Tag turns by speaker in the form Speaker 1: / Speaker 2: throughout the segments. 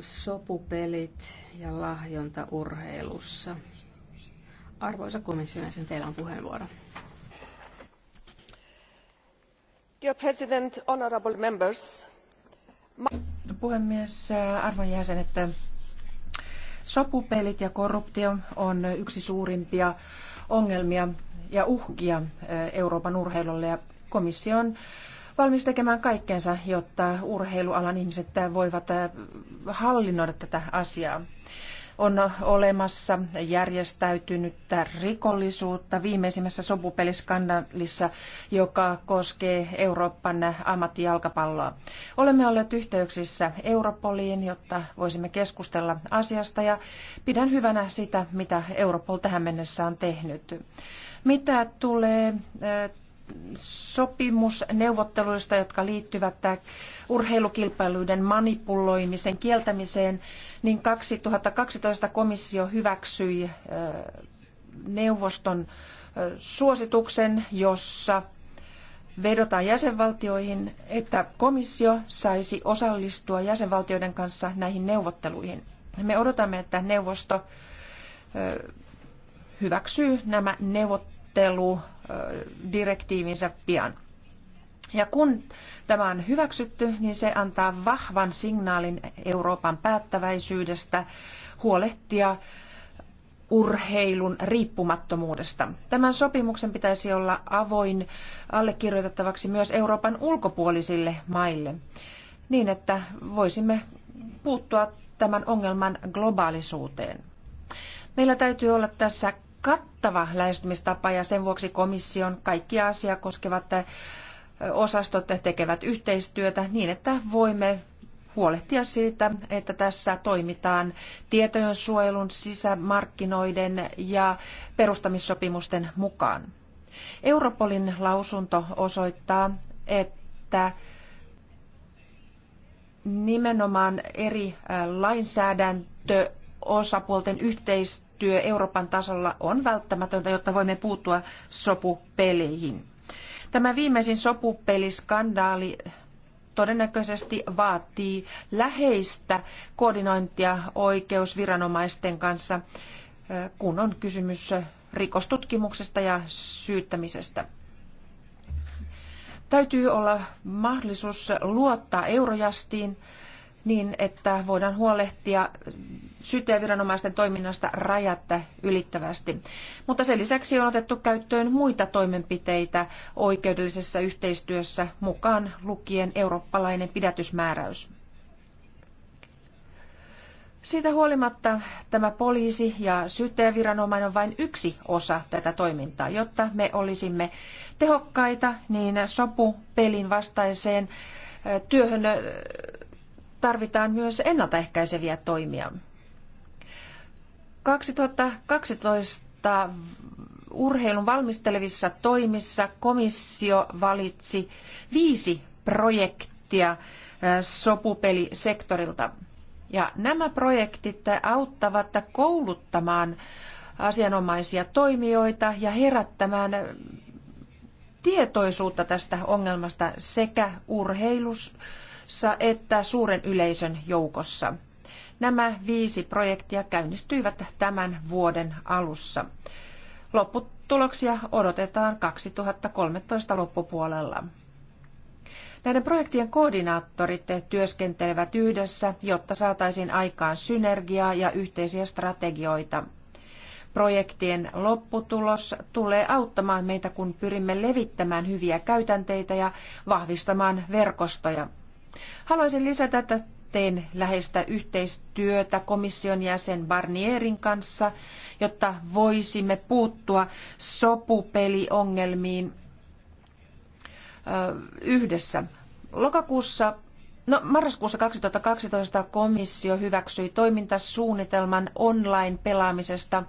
Speaker 1: sopupelit ja lahjonta urheilussa. Arvoisa komission jäsen, teillä on puheenvuoro.
Speaker 2: Dear President, honorable members.
Speaker 1: Puhemies,
Speaker 2: arvon että sopupelit ja korruptio on yksi suurimpia ongelmia ja uhkia eh, Euroopan urheilulle ja komission valmis tekemään kaikkensa, jotta urheilualan ihmiset voivat äh, hallinnoida tätä asiaa. On olemassa järjestäytynyttä rikollisuutta viimeisimmässä sopupeliskandalissa, joka koskee Euroopan ammattijalkapalloa. Olemme olleet yhteyksissä Europoliin, jotta voisimme keskustella asiasta ja pidän hyvänä sitä, mitä Europol tähän mennessä on tehnyt. Mitä tulee äh, sopimusneuvotteluista, jotka liittyvät urheilukilpailuiden manipuloimisen kieltämiseen, niin 2012 komissio hyväksyi neuvoston suosituksen, jossa vedotaan jäsenvaltioihin, että komissio saisi osallistua jäsenvaltioiden kanssa näihin neuvotteluihin. Me odotamme, että neuvosto hyväksyy nämä neuvottelut direktiivinsä pian. Ja kun tämä on hyväksytty, niin se antaa vahvan signaalin Euroopan päättäväisyydestä huolehtia urheilun riippumattomuudesta. Tämän sopimuksen pitäisi olla avoin allekirjoitettavaksi myös Euroopan ulkopuolisille maille, niin että voisimme puuttua tämän ongelman globaalisuuteen. Meillä täytyy olla tässä kattava lähestymistapa ja sen vuoksi komission kaikki asiaa koskevat eh, osastot tekevät yhteistyötä niin, että voimme huolehtia siitä, että tässä toimitaan tietojen suojelun, sisämarkkinoiden ja perustamissopimusten mukaan. Europolin lausunto osoittaa, että nimenomaan eri eh, lainsäädäntö osapuolten yhteistyö yhteistyö Euroopan tasolla on välttämätöntä, jotta voimme puuttua sopupeleihin. Tämä viimeisin sopupeliskandaali todennäköisesti vaatii läheistä koordinointia oikeusviranomaisten kanssa, kun on kysymys rikostutkimuksesta ja syyttämisestä. Täytyy olla mahdollisuus luottaa eurojastiin niin, että voidaan huolehtia syyttäjäviranomaisten toiminnasta rajat ylittävästi. Mutta sen lisäksi on otettu käyttöön muita toimenpiteitä oikeudellisessa yhteistyössä mukaan lukien eurooppalainen pidätysmääräys. Siitä huolimatta tämä poliisi ja syyttäjäviranomainen on vain yksi osa tätä toimintaa. Jotta me olisimme tehokkaita, niin sopupelin vastaiseen työhön tarvitaan myös ennaltaehkäiseviä toimia. 2012 urheilun valmistelevissa toimissa komissio valitsi viisi projektia sopupelisektorilta. Ja nämä projektit auttavat kouluttamaan asianomaisia toimijoita ja herättämään tietoisuutta tästä ongelmasta sekä urheilussa että suuren yleisön joukossa. Nämä viisi projektia käynnistyivät tämän vuoden alussa. Lopputuloksia odotetaan 2013 loppupuolella. Näiden projektien koordinaattorit työskentelevät yhdessä, jotta saataisiin aikaan synergiaa ja yhteisiä strategioita. Projektien lopputulos tulee auttamaan meitä, kun pyrimme levittämään hyviä käytänteitä ja vahvistamaan verkostoja. Haluaisin lisätä, että teen läheistä yhteistyötä komission jäsen Barnierin kanssa, jotta voisimme puuttua sopupeliongelmiin yhdessä. Lokakuussa No, marraskuussa 2012 komissio hyväksyi toimintasuunnitelman online-pelaamisesta,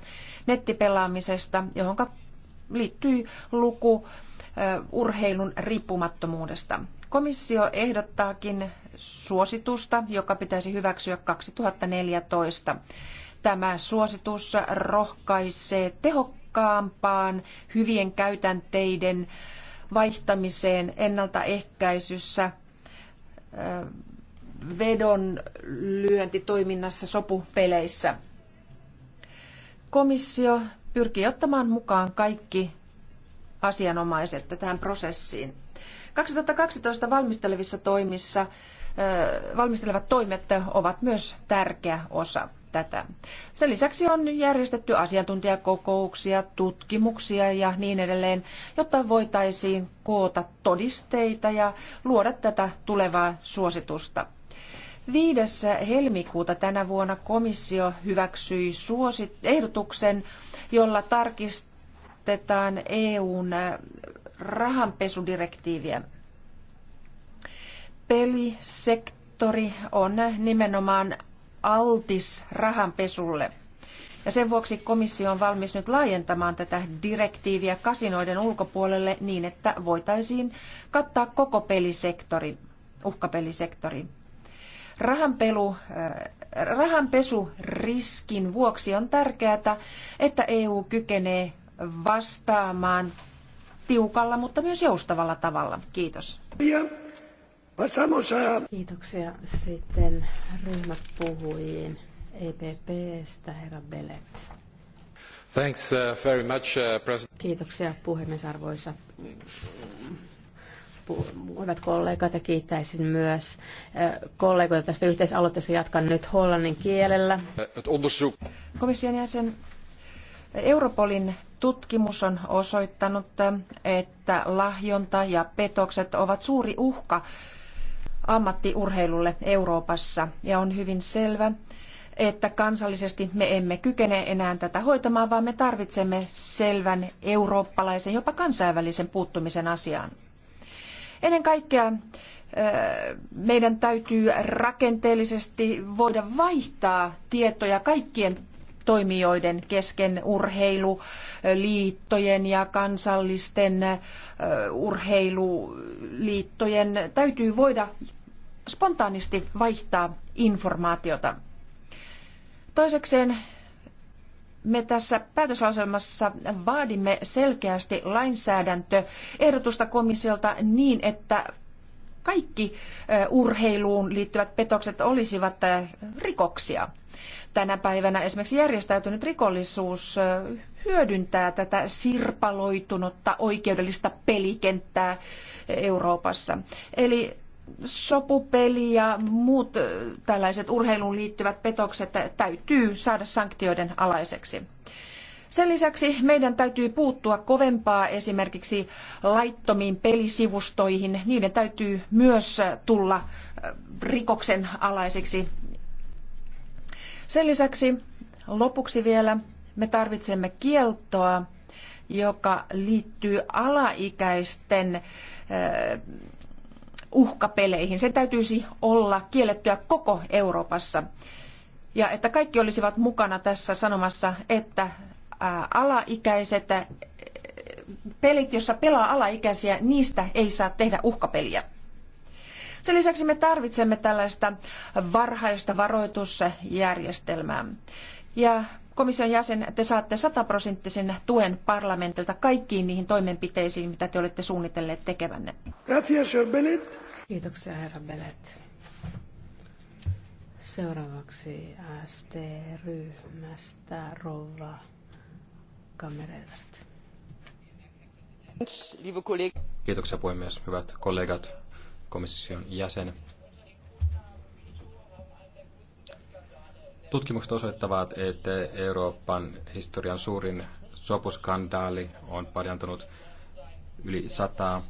Speaker 2: nettipelaamisesta, johon liittyy luku urheilun riippumattomuudesta. Komissio ehdottaakin suositusta, joka pitäisi hyväksyä 2014. Tämä suositus rohkaisee tehokkaampaan hyvien käytänteiden vaihtamiseen ennaltaehkäisyssä vedonlyöntitoiminnassa sopupeleissä. Komissio pyrkii ottamaan mukaan kaikki asianomaiset tähän prosessiin. 2012 valmistelevissa toimissa valmistelevat toimet ovat myös tärkeä osa tätä. Sen lisäksi on järjestetty asiantuntijakokouksia, tutkimuksia ja niin edelleen, jotta voitaisiin koota todisteita ja luoda tätä tulevaa suositusta. 5. helmikuuta tänä vuonna komissio hyväksyi suosit- ehdotuksen, jolla tarkistetaan EUn rahanpesudirektiiviä. Pelisektori on nimenomaan altis rahanpesulle. Ja sen vuoksi komissio on valmis nyt laajentamaan tätä direktiiviä kasinoiden ulkopuolelle niin, että voitaisiin kattaa koko pelisektori, uhkapelisektori. Rahanpelu, äh, rahanpesuriskin vuoksi on tärkeää, että EU kykenee vastaamaan tiukalla, mutta myös joustavalla tavalla.
Speaker 1: Kiitos. Kiitoksia. Sitten ryhmät puhujiin. EPPstä herra Belet.
Speaker 3: Thanks uh,
Speaker 4: very much, uh, President.
Speaker 1: Kiitoksia puhemies arvoisa mm, hyvät kollegat ja kiittäisin myös kollegoita tästä yhteisaloitteesta. Jatkan nyt hollannin kielellä. Uh, Komission jäsen Europolin
Speaker 2: Tutkimus on osoittanut, että lahjonta ja petokset ovat suuri uhka ammattiurheilulle Euroopassa ja on hyvin selvä, että kansallisesti me emme kykene enää tätä hoitamaan, vaan me tarvitsemme selvän eurooppalaisen, jopa kansainvälisen puuttumisen asiaan. Ennen kaikkea meidän täytyy rakenteellisesti voida vaihtaa tietoja kaikkien toimijoiden kesken urheiluliittojen ja kansallisten urheiluliittojen täytyy voida spontaanisti vaihtaa informaatiota. Toisekseen me tässä päätöslauselmassa vaadimme selkeästi lainsäädäntöehdotusta komissiolta niin, että kaikki urheiluun liittyvät petokset olisivat rikoksia. Tänä päivänä esimerkiksi järjestäytynyt rikollisuus hyödyntää tätä sirpaloitunutta oikeudellista pelikenttää Euroopassa. Eli sopupeli ja muut tällaiset urheiluun liittyvät petokset täytyy saada sanktioiden alaiseksi. Sen lisäksi meidän täytyy puuttua kovempaa esimerkiksi laittomiin pelisivustoihin. Niiden täytyy myös tulla äh, rikoksen alaisiksi. Sen lisäksi lopuksi vielä me tarvitsemme kieltoa, joka liittyy alaikäisten äh, uhkapeleihin. Se täytyisi olla kiellettyä koko Euroopassa. Ja että kaikki olisivat mukana tässä sanomassa, että alaikäiset pelit, jossa pelaa alaikäisiä, niistä ei saa tehdä uhkapeliä. Sen lisäksi me tarvitsemme tällaista varhaista varoitusjärjestelmää. Ja komission jäsen, te saatte sataprosenttisen tuen parlamentilta kaikkiin niihin toimenpiteisiin, mitä te olette suunnitelleet tekevänne.
Speaker 3: Gracias, Bellet.
Speaker 1: Kiitoksia, herra
Speaker 3: Bellet.
Speaker 1: Seuraavaksi sd ryhmästä Rova
Speaker 4: arvoisa puhemies, hyvät kollegat, komission jäsen. Tutkimukset osoittavat, että Euroopan historian suurin sopuskandaali on paljantunut yli 100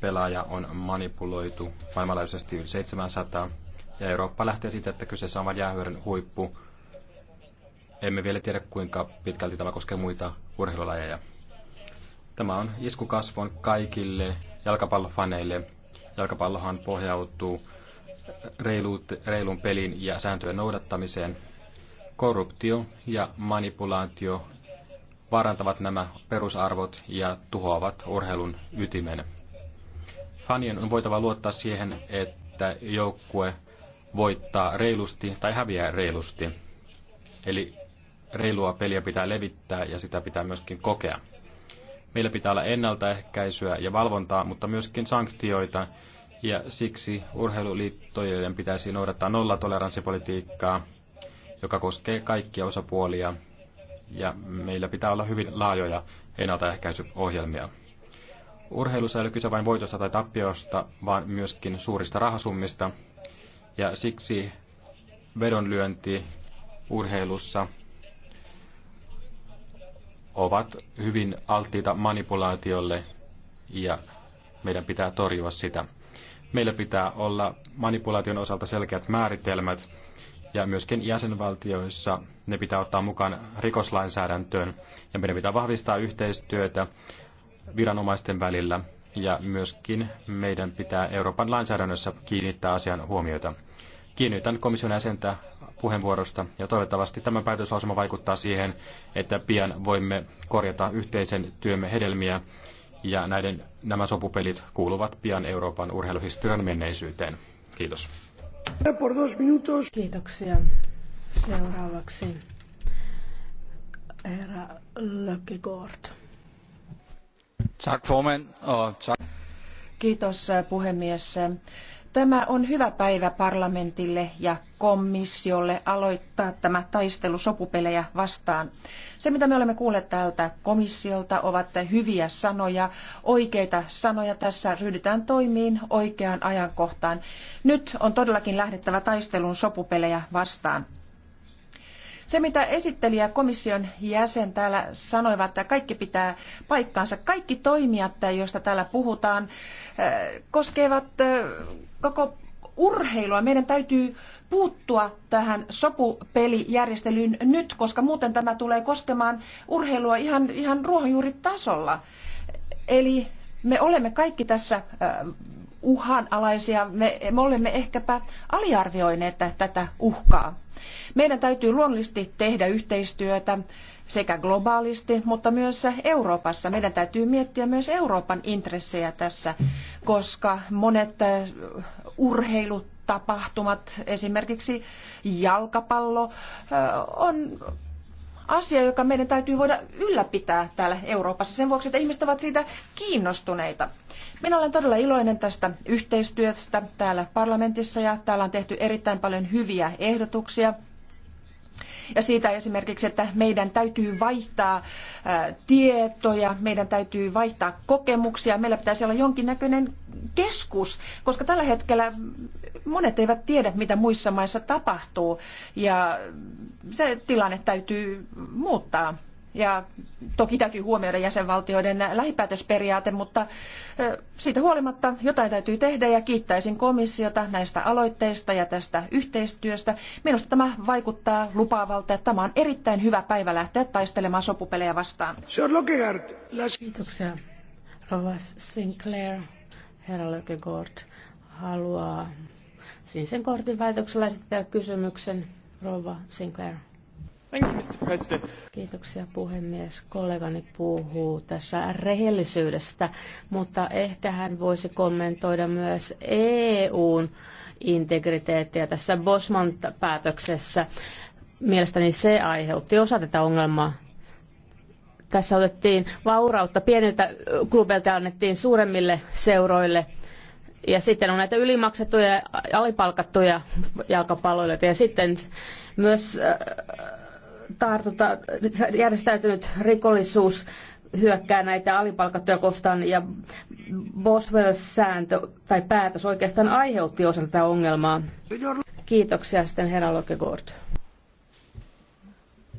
Speaker 4: pelaaja on manipuloitu maailmanlaajuisesti yli 700. Ja Eurooppa lähtee siitä, että kyseessä on vain jäähyören huippu, emme vielä tiedä, kuinka pitkälti tämä koskee muita urheilulajeja. Tämä on isku kasvon kaikille jalkapallofaneille. Jalkapallohan pohjautuu reiluut, reilun pelin ja sääntöjen noudattamiseen. Korruptio ja manipulaatio vaarantavat nämä perusarvot ja tuhoavat urheilun ytimen. Fanien on voitava luottaa siihen, että joukkue voittaa reilusti tai häviää reilusti. Eli reilua peliä pitää levittää ja sitä pitää myöskin kokea. Meillä pitää olla ennaltaehkäisyä ja valvontaa, mutta myöskin sanktioita, ja siksi urheiluliittojen pitäisi noudattaa nollatoleranssipolitiikkaa, joka koskee kaikkia osapuolia, ja meillä pitää olla hyvin laajoja ennaltaehkäisyohjelmia. Urheilussa ei ole kyse vain voitosta tai tappiosta, vaan myöskin suurista rahasummista, ja siksi vedonlyönti urheilussa – ovat hyvin alttiita manipulaatiolle ja meidän pitää torjua sitä. Meillä pitää olla manipulaation osalta selkeät määritelmät ja myöskin jäsenvaltioissa ne pitää ottaa mukaan rikoslainsäädäntöön ja meidän pitää vahvistaa yhteistyötä viranomaisten välillä ja myöskin meidän pitää Euroopan lainsäädännössä kiinnittää asian huomiota. Kiinnitän komission jäsentä puheenvuorosta ja toivottavasti tämä päätöslausuma vaikuttaa siihen, että pian voimme korjata yhteisen työmme hedelmiä ja näiden, nämä sopupelit kuuluvat pian Euroopan urheiluhistorian menneisyyteen. Kiitos.
Speaker 3: Kiitoksia.
Speaker 1: Seuraavaksi herra Lökkegård.
Speaker 4: Tack formen.
Speaker 1: Kiitos
Speaker 2: äh, puhemies. Tämä on hyvä päivä parlamentille ja komissiolle aloittaa tämä taistelu sopupelejä vastaan. Se, mitä me olemme kuulleet täältä komissiolta, ovat hyviä sanoja, oikeita sanoja. Tässä ryhdytään toimiin oikeaan ajankohtaan. Nyt on todellakin lähdettävä taistelun sopupelejä vastaan. Se, mitä esittelijä komission jäsen täällä sanoivat, että kaikki pitää paikkaansa, kaikki toimijat, joista täällä puhutaan, eh, koskevat eh, koko urheilua. Meidän täytyy puuttua tähän sopupelijärjestelyyn nyt, koska muuten tämä tulee koskemaan urheilua ihan, ihan ruohonjuuritasolla. Eli me olemme kaikki tässä eh, uhanalaisia. Me, me olemme ehkäpä aliarvioineet tätä uhkaa. Meidän täytyy luonnollisesti tehdä yhteistyötä sekä globaalisti, mutta myös Euroopassa. Meidän täytyy miettiä myös Euroopan intressejä tässä, koska monet urheilutapahtumat, esimerkiksi jalkapallo, on asia, joka meidän täytyy voida ylläpitää täällä Euroopassa sen vuoksi, että ihmiset ovat siitä kiinnostuneita. Minä olen todella iloinen tästä yhteistyöstä täällä parlamentissa ja täällä on tehty erittäin paljon hyviä ehdotuksia ja siitä esimerkiksi, että meidän täytyy vaihtaa tietoja, meidän täytyy vaihtaa kokemuksia, meillä pitäisi olla jonkinnäköinen keskus, koska tällä hetkellä monet eivät tiedä, mitä muissa maissa tapahtuu ja se tilanne täytyy muuttaa. Ja toki täytyy huomioida jäsenvaltioiden lähipäätösperiaate, mutta siitä huolimatta jotain täytyy tehdä ja kiittäisin komissiota näistä aloitteista ja tästä yhteistyöstä. Minusta tämä vaikuttaa lupaavalta, että tämä on erittäin hyvä päivä lähteä taistelemaan sopupelejä vastaan.
Speaker 1: Kiitoksia. Rova Sinclair, herra Lökegaard, haluaa sinisen kortin väitöksellä esittää kysymyksen. Rova Sinclair. Thank you, Mr. President. Kiitoksia puhemies. Kollegani puhuu tässä rehellisyydestä, mutta ehkä hän voisi kommentoida myös EUn integriteettiä tässä Bosman päätöksessä. Mielestäni se aiheutti osa tätä ongelmaa tässä otettiin vaurautta pieniltä klubeilta annettiin suuremmille seuroille. Ja sitten on näitä ylimaksettuja ja alipalkattuja jalkapalloilijoita. Ja sitten myös äh, tartuta, järjestäytynyt rikollisuus hyökkää näitä alipalkattuja kohtaan ja Boswell-sääntö tai päätös oikeastaan aiheutti osan tätä ongelmaa. Kiitoksia sitten herra Lokegord.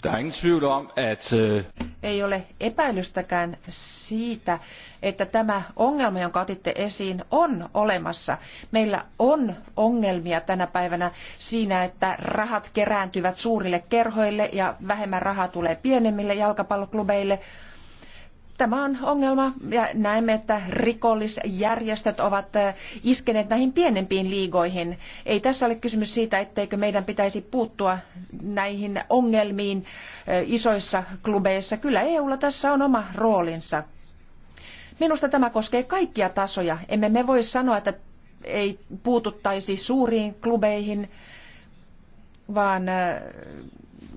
Speaker 4: Uh,
Speaker 1: Ei ole
Speaker 2: epäilystäkään siitä, että tämä ongelma, jonka otitte esiin, on olemassa. Meillä on ongelmia tänä päivänä siinä, että rahat kerääntyvät suurille kerhoille ja vähemmän rahaa tulee pienemmille jalkapalloklubeille. Tämä on ongelma ja näemme, että rikollisjärjestöt ovat eh, iskeneet näihin pienempiin liigoihin. Ei tässä ole kysymys siitä, etteikö meidän pitäisi puuttua näihin ongelmiin eh, isoissa klubeissa. Kyllä EUlla tässä on oma roolinsa. Minusta tämä koskee kaikkia tasoja. Emme me voi sanoa, että ei puututtaisi suuriin klubeihin, vaan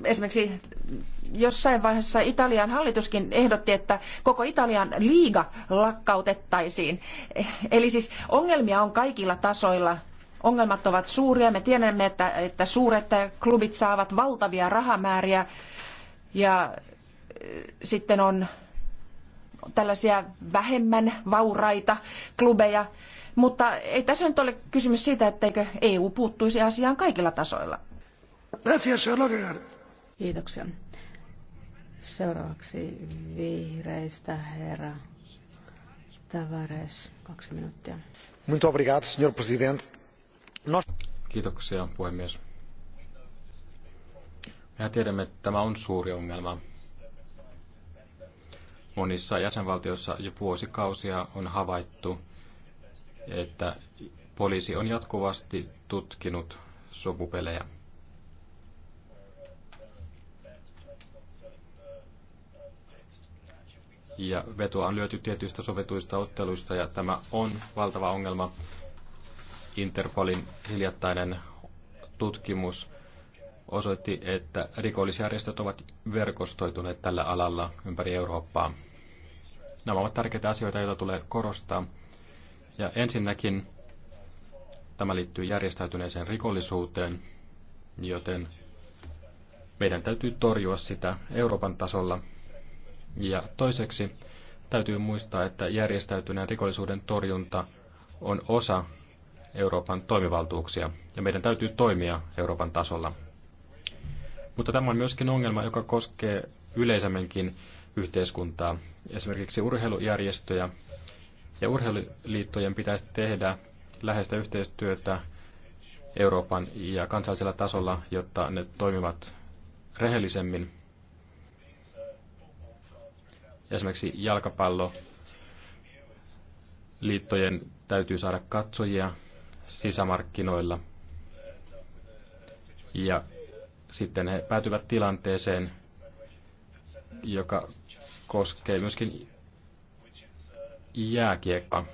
Speaker 2: esimerkiksi jossain vaiheessa Italian hallituskin ehdotti, että koko Italian liiga lakkautettaisiin. Eli siis ongelmia on kaikilla tasoilla. Ongelmat ovat suuria. Me tiedämme, että, että suuret klubit saavat valtavia rahamääriä ja sitten on tällaisia vähemmän vauraita klubeja, mutta ei tässä nyt ole kysymys siitä, etteikö EU puuttuisi asiaan kaikilla tasoilla.
Speaker 1: Kiitoksia. Seuraavaksi vihreistä herra Tavares, kaksi minuuttia.
Speaker 3: Muito obrigado, senhor presidente.
Speaker 4: Kiitoksia, puhemies. me tiedämme, että tämä on suuri ongelma Monissa jäsenvaltioissa jo vuosikausia on havaittu, että poliisi on jatkuvasti tutkinut sopupelejä. Ja vetoa on lyöty tietyistä sovetuista otteluista ja tämä on valtava ongelma. Interpolin hiljattainen tutkimus osoitti, että rikollisjärjestöt ovat verkostoituneet tällä alalla ympäri Eurooppaa. Nämä ovat tärkeitä asioita, joita tulee korostaa. Ja ensinnäkin tämä liittyy järjestäytyneeseen rikollisuuteen, joten meidän täytyy torjua sitä Euroopan tasolla. Ja toiseksi täytyy muistaa, että järjestäytyneen rikollisuuden torjunta on osa Euroopan toimivaltuuksia, ja meidän täytyy toimia Euroopan tasolla. Mutta tämä on myöskin ongelma, joka koskee yleisemminkin yhteiskuntaa, esimerkiksi urheilujärjestöjä. Ja urheiluliittojen pitäisi tehdä läheistä yhteistyötä Euroopan ja kansallisella tasolla, jotta ne toimivat rehellisemmin. Esimerkiksi jalkapallo liittojen täytyy saada katsojia sisämarkkinoilla. Ja sitten he päätyvät tilanteeseen, joka koskee myöskin jääkiekkoa.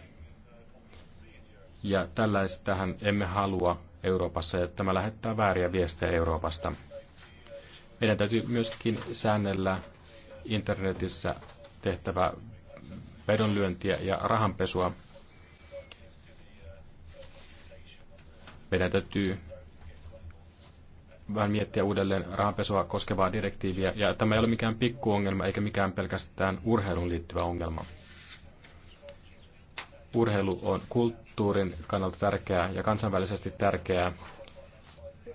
Speaker 4: Ja tällaistähän emme halua Euroopassa, ja tämä lähettää vääriä viestejä Euroopasta. Meidän täytyy myöskin säännellä internetissä tehtävää vedonlyöntiä ja rahanpesua. Meidän täytyy vähän miettiä uudelleen rahanpesua koskevaa direktiiviä, ja tämä ei ole mikään pikkuongelma eikä mikään pelkästään urheiluun liittyvä ongelma. Urheilu on kulttuurin kannalta tärkeää ja kansainvälisesti tärkeää,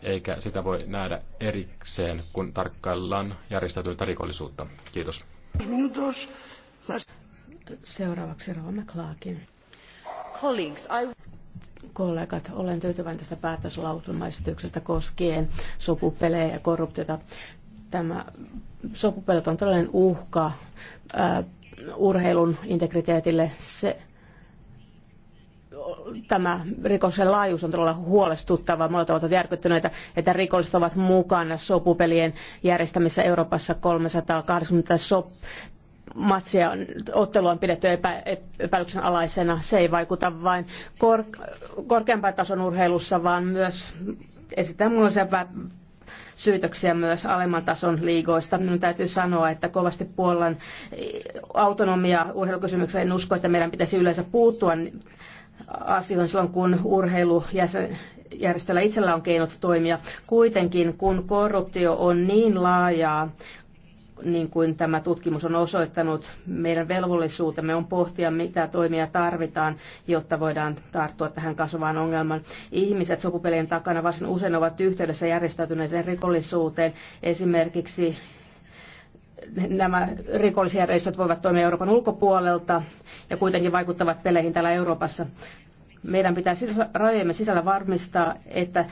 Speaker 4: eikä sitä voi nähdä erikseen, kun tarkkaillaan järjestäytynyttä rikollisuutta. Kiitos.
Speaker 1: Seuraavaksi Rova McLaakin.
Speaker 2: Colleagues, I
Speaker 1: kollegat, olen tyytyväinen tästä päätöslausumaesityksestä koskien sopupelejä ja korruptiota. Tämä sopupelot on todellinen uhka äh, urheilun integriteetille. Se, tämä rikoksen laajuus on todella huolestuttava. Monet ovat järkyttyneitä, että rikolliset ovat mukana sopupelien järjestämisessä Euroopassa 380 sop- matsia ottelua on pidetty epä, epäilyksen alaisena. Se ei vaikuta vain kor, tason urheilussa, vaan myös esitetään muunlaisia syytöksiä myös alemman tason liigoista. Minun täytyy sanoa, että kovasti Puolan autonomia urheilukysymyksessä en usko, että meidän pitäisi yleensä puuttua asioihin silloin, kun urheilujäsen, järjestöllä itsellä on keinot toimia. Kuitenkin, kun korruptio on niin laajaa niin kuin tämä tutkimus on osoittanut, meidän velvollisuutemme on pohtia, mitä toimia tarvitaan, jotta voidaan tarttua tähän kasvavaan ongelmaan. Ihmiset sopupelien takana varsin usein ovat yhteydessä järjestäytyneeseen rikollisuuteen, esimerkiksi nämä rikollisjärjestöt voivat toimia Euroopan ulkopuolelta ja kuitenkin vaikuttavat peleihin täällä Euroopassa. Meidän pitää rajojemme sisällä varmistaa, että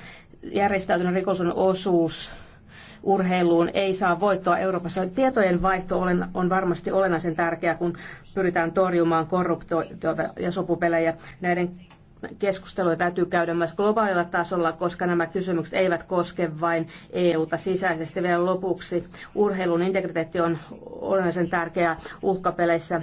Speaker 1: järjestäytyneen rikollisuuden osuus urheiluun ei saa voittoa Euroopassa. Tietojen vaihto on varmasti olennaisen tärkeää, kun pyritään torjumaan korruptoita ja sopupelejä. Näiden keskusteluja täytyy käydä myös globaalilla tasolla, koska nämä kysymykset eivät koske vain EUta sisäisesti. Vielä lopuksi urheilun integriteetti on olennaisen tärkeää uhkapeleissä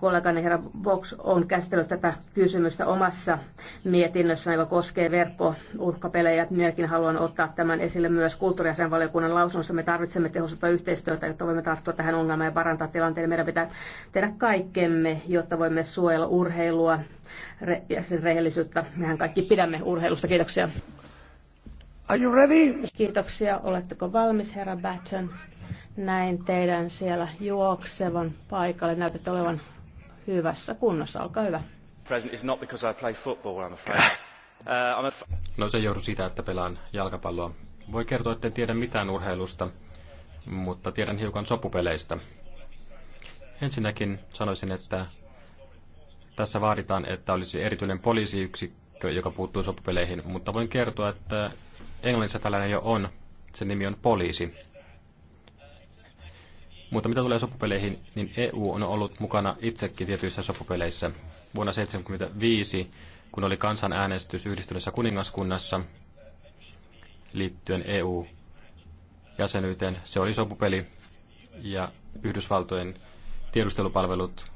Speaker 1: kollegani herra Vox on käsitellyt tätä kysymystä omassa mietinnössään, joka koskee verkkouhkapelejä. Minäkin haluan ottaa tämän esille myös kulttuuriasian lausunnossa. Me tarvitsemme tehostettua yhteistyötä, jotta voimme tarttua tähän ongelmaan ja parantaa tilanteen. Meidän pitää tehdä kaikkemme, jotta voimme suojella urheilua ja sen rehellisyyttä. Mehän kaikki pidämme urheilusta. Kiitoksia.
Speaker 3: Are you ready?
Speaker 1: Kiitoksia. Oletteko valmis, herra Batten? näin teidän siellä juoksevan paikalle. Näytät olevan hyvässä kunnossa. Olkaa hyvä.
Speaker 4: Uh, no se johdu siitä, että pelaan jalkapalloa. Voi kertoa, että en tiedä mitään urheilusta, mutta tiedän hiukan sopupeleistä. Ensinnäkin sanoisin, että tässä vaaditaan, että olisi erityinen poliisiyksikkö, joka puuttuu sopupeleihin, mutta voin kertoa, että Englannissa tällainen jo on. Sen nimi on poliisi. Mutta mitä tulee sopupeleihin, niin EU on ollut mukana itsekin tietyissä sopupeleissä. Vuonna 1975, kun oli kansanäänestys yhdistyneessä kuningaskunnassa liittyen EU-jäsenyyteen, se oli sopupeli ja Yhdysvaltojen tiedustelupalvelut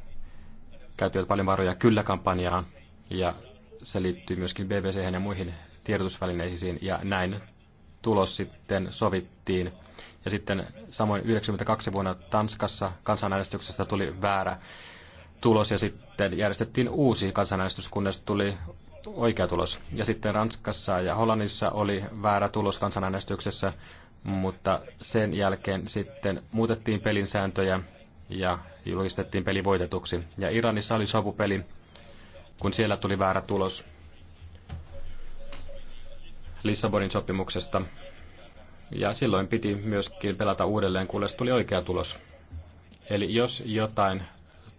Speaker 4: käyttivät paljon varoja kyllä kampanjaa ja se liittyy myöskin BBC ja muihin tiedotusvälineisiin ja näin tulos sitten sovittiin ja sitten samoin 92 vuonna Tanskassa kansanäänestyksestä tuli väärä tulos ja sitten järjestettiin uusi kansanäänestys, kunnes tuli oikea tulos. Ja sitten Ranskassa ja Hollannissa oli väärä tulos kansanäänestyksessä, mutta sen jälkeen sitten muutettiin pelin sääntöjä ja julistettiin peli voitetuksi. Ja Iranissa oli sopupeli, kun siellä tuli väärä tulos Lissabonin sopimuksesta ja silloin piti myöskin pelata uudelleen, kunnes tuli oikea tulos. Eli jos jotain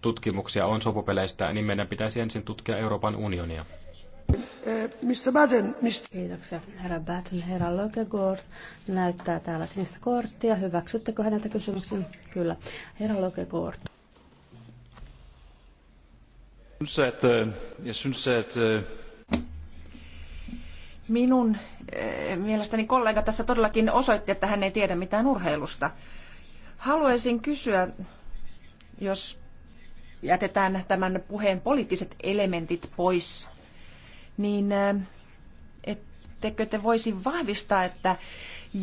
Speaker 4: tutkimuksia on sopupeleistä, niin meidän pitäisi ensin tutkia Euroopan unionia.
Speaker 1: Eh, mr. Batten, mr. Kiitoksia. Herra Batten, herra Lokegord, näyttää täällä sinistä korttia. Hyväksyttekö häneltä kysymyksen? Kyllä. Herra Lokegaard.
Speaker 2: Minun mielestäni kollega tässä todellakin osoitti, että hän ei tiedä mitään urheilusta. Haluaisin kysyä, jos jätetään tämän puheen poliittiset elementit pois, niin eh, ettekö te voisi vahvistaa, että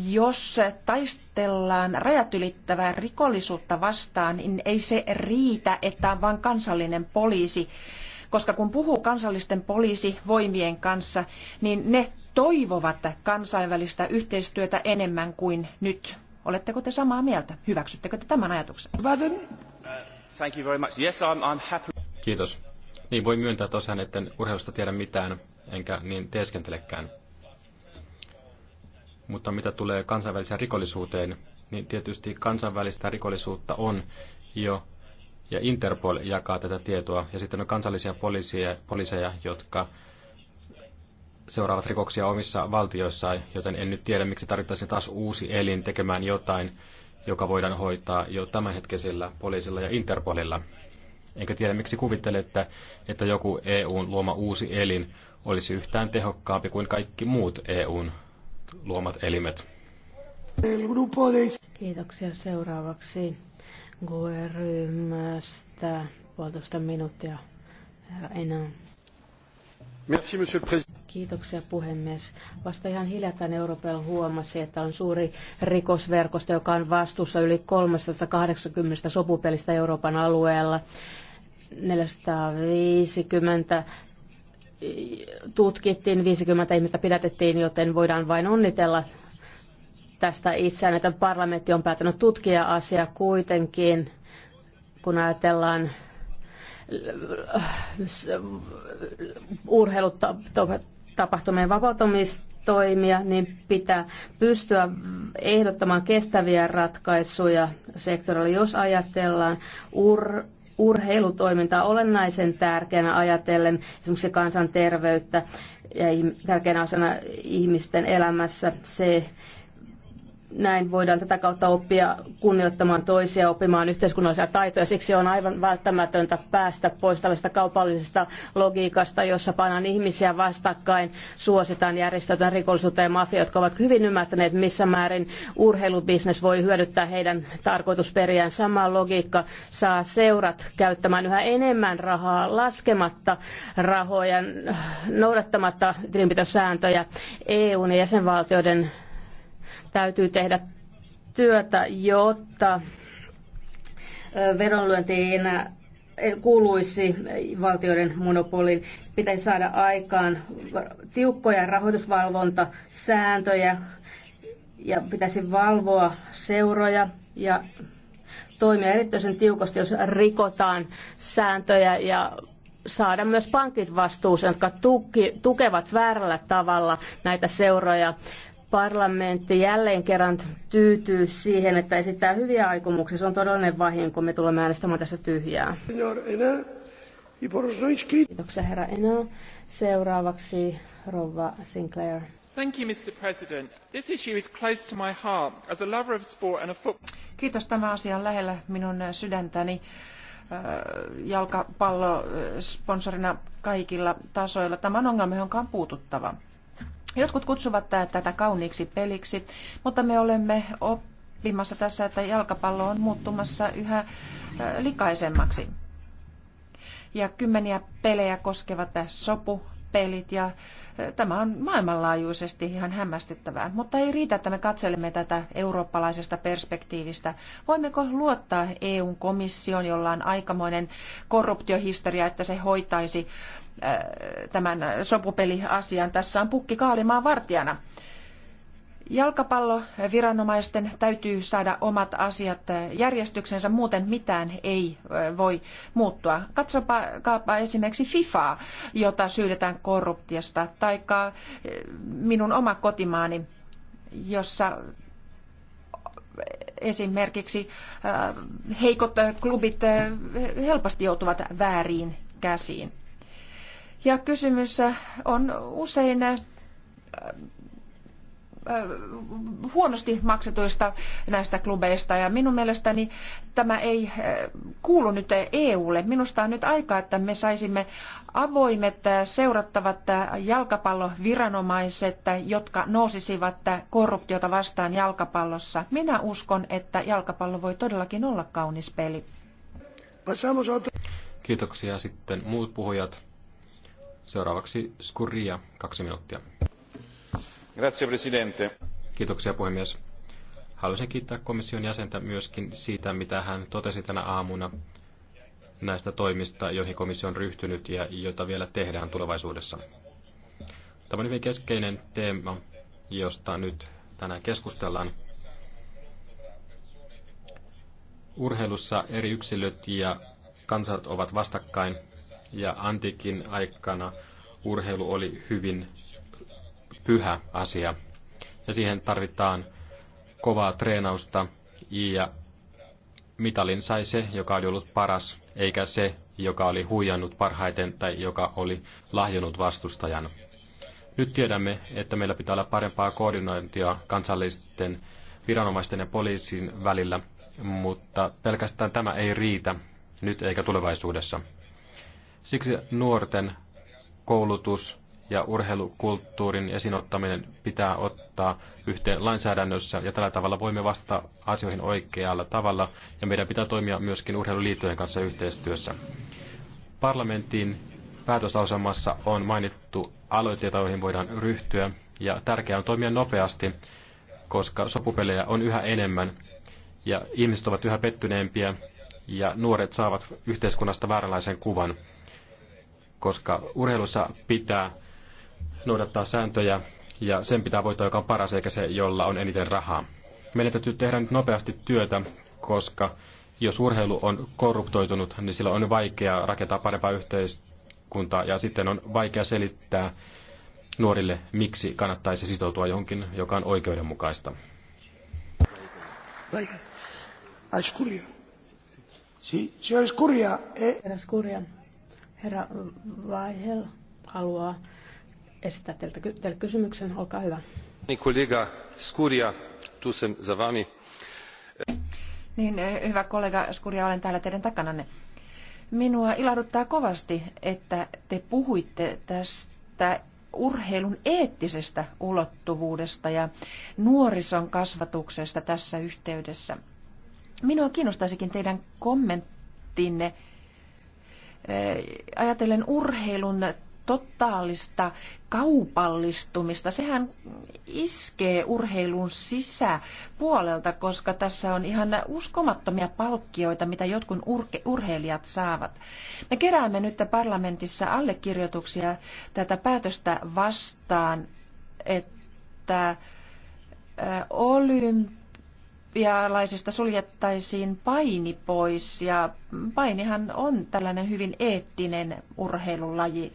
Speaker 2: jos taistellaan rajat ylittävää rikollisuutta vastaan, niin ei se riitä, että on vain kansallinen poliisi koska kun puhuu kansallisten poliisivoimien kanssa, niin ne toivovat kansainvälistä yhteistyötä enemmän kuin nyt. Oletteko te samaa mieltä? Hyväksyttekö te tämän ajatuksen?
Speaker 4: Uh, Kiitos. Niin voi myöntää tosiaan, että en urheilusta tiedä mitään, enkä niin teeskentelekään. Mutta mitä tulee kansainväliseen rikollisuuteen, niin tietysti kansainvälistä rikollisuutta on jo ja Interpol jakaa tätä tietoa. Ja sitten on kansallisia poliiseja, poliiseja jotka seuraavat rikoksia omissa valtioissaan, joten en nyt tiedä, miksi tarvittaisiin taas uusi elin tekemään jotain, joka voidaan hoitaa jo tämänhetkisellä poliisilla ja Interpolilla. Enkä tiedä, miksi kuvittelette, että joku EUn luoma uusi elin olisi yhtään tehokkaampi kuin kaikki muut EUn luomat elimet.
Speaker 1: Kiitoksia seuraavaksi GUE-ryhmästä puolitoista minuuttia. Enää.
Speaker 3: Merci, monsieur le président.
Speaker 1: Kiitoksia puhemies. Vasta ihan hiljattain Euroopan huomasi, että on suuri rikosverkosto, joka on vastuussa yli 380 sopupelistä Euroopan alueella. 450 tutkittiin, 50 ihmistä pidätettiin, joten voidaan vain onnitella tästä itseään, että parlamentti on päättänyt tutkia asiaa kuitenkin, kun ajatellaan äh, urheilutapahtumien vapautumistoimia, niin pitää pystyä ehdottamaan kestäviä ratkaisuja sektorilla, jos ajatellaan ur- urheilutoimintaa olennaisen tärkeänä ajatellen esimerkiksi kansanterveyttä ja tärkeänä osana ihmisten elämässä se näin voidaan tätä kautta oppia kunnioittamaan toisia, oppimaan yhteiskunnallisia taitoja. Siksi on aivan välttämätöntä päästä pois tällaista kaupallisesta logiikasta, jossa pannaan ihmisiä vastakkain, suositaan järjestöitä, rikollisuutta ja mafia, jotka ovat hyvin ymmärtäneet, missä määrin urheilubisnes voi hyödyttää heidän tarkoitusperiään. Sama logiikka saa seurat käyttämään yhä enemmän rahaa laskematta rahoja, noudattamatta tilinpitosääntöjä EUn ja jäsenvaltioiden Täytyy tehdä työtä, jotta veronlyönti ei enää kuuluisi valtioiden monopoliin. Pitäisi saada aikaan tiukkoja rahoitusvalvontasääntöjä ja pitäisi valvoa seuroja ja toimia erityisen tiukasti, jos rikotaan sääntöjä ja saada myös pankit vastuuseen, jotka tuki, tukevat väärällä tavalla näitä seuroja parlamentti jälleen kerran tyytyy siihen, että esittää hyviä aikomuksia. Se on todellinen vahinko, me tulemme äänestämään tässä tyhjää. Kiitoksia herra Enää. Seuraavaksi rouva Sinclair.
Speaker 2: Thank you, Mr. President. This issue is close to my heart as a lover of sport and a football. Kiitos tämä asia on lähellä minun sydäntäni äh, jalkapallo äh, sponsorina kaikilla tasoilla. Tämän ongelma, johon on puututtava Jotkut kutsuvat tätä kauniiksi peliksi, mutta me olemme oppimassa tässä, että jalkapallo on muuttumassa yhä likaisemmaksi. Ja kymmeniä pelejä koskevat sopu pelit ja eh, tämä on maailmanlaajuisesti ihan hämmästyttävää. Mutta ei riitä, että me katselemme tätä eurooppalaisesta perspektiivistä. Voimmeko luottaa EUn komission, jolla on aikamoinen korruptiohistoria, että se hoitaisi eh, tämän sopupeliasian. Tässä on pukki kaalimaan vartijana. Jalkapalloviranomaisten täytyy saada omat asiat eh, järjestyksensä, muuten mitään ei eh, voi muuttua. Katsokaapa esimerkiksi FIFAa, jota syydetään korruptiosta, tai eh, minun oma kotimaani, jossa esimerkiksi heikot klubit helposti joutuvat vääriin käsiin. Ja kysymys on usein Äh, huonosti maksetuista näistä klubeista ja minun mielestäni tämä ei äh, kuulu nyt EUlle. Minusta on nyt aika, että me saisimme avoimet äh, seurattavat jalkapalloviranomaiset, jotka nousisivat korruptiota vastaan jalkapallossa. Minä uskon, että jalkapallo voi todellakin olla kaunis peli.
Speaker 4: Kiitoksia sitten muut puhujat. Seuraavaksi Skuria, kaksi minuuttia. Kiitoksia puhemies. Haluaisin kiittää komission jäsentä myöskin siitä, mitä hän totesi tänä aamuna näistä toimista, joihin komissio on ryhtynyt ja joita vielä tehdään tulevaisuudessa. Tämä on hyvin keskeinen teema, josta nyt tänään keskustellaan. Urheilussa eri yksilöt ja kansat ovat vastakkain ja antiikin aikana urheilu oli hyvin pyhä asia. Ja siihen tarvitaan kovaa treenausta ja mitalin sai se, joka oli ollut paras, eikä se, joka oli huijannut parhaiten tai joka oli lahjonut vastustajan. Nyt tiedämme, että meillä pitää olla parempaa koordinointia kansallisten viranomaisten ja poliisin välillä, mutta pelkästään tämä ei riitä nyt eikä tulevaisuudessa. Siksi nuorten koulutus ja urheilukulttuurin esiin ottaminen pitää ottaa yhteen lainsäädännössä ja tällä tavalla voimme vastata asioihin oikealla tavalla ja meidän pitää toimia myöskin urheiluliittojen kanssa yhteistyössä. Parlamentin päätöslausamassa on mainittu aloite, joihin voidaan ryhtyä ja tärkeää on toimia nopeasti, koska sopupelejä on yhä enemmän ja ihmiset ovat yhä pettyneempiä ja nuoret saavat yhteiskunnasta vääränlaisen kuvan, koska urheilussa pitää noudattaa sääntöjä ja sen pitää voittaa, joka on paras, eikä se, jolla on eniten rahaa. Meidän täytyy tehdä nyt nopeasti työtä, koska jos urheilu on korruptoitunut, niin sillä on vaikea rakentaa parempaa yhteiskuntaa ja sitten on vaikea selittää nuorille, miksi kannattaisi sitoutua johonkin, joka on oikeudenmukaista.
Speaker 1: Herra Skurja, e- herra Vaihel haluaa esittää teiltä, teille kysymyksen. Olkaa hyvä.
Speaker 4: Kollega Skuria, tu za vami.
Speaker 2: Niin, eh, hyvä kollega Skuria, olen täällä teidän takananne. Minua ilahduttaa kovasti, että te puhuitte tästä urheilun eettisestä ulottuvuudesta ja nuorison kasvatuksesta tässä yhteydessä. Minua kiinnostaisikin teidän kommenttinne eh, ajatellen urheilun totaalista kaupallistumista. Sehän iskee urheilun sisäpuolelta, koska tässä on ihan uskomattomia palkkioita, mitä jotkut urheilijat saavat. Me keräämme nyt parlamentissa allekirjoituksia tätä päätöstä vastaan, että olympialaisista suljettaisiin paini pois ja painihan on tällainen hyvin eettinen urheilulaji.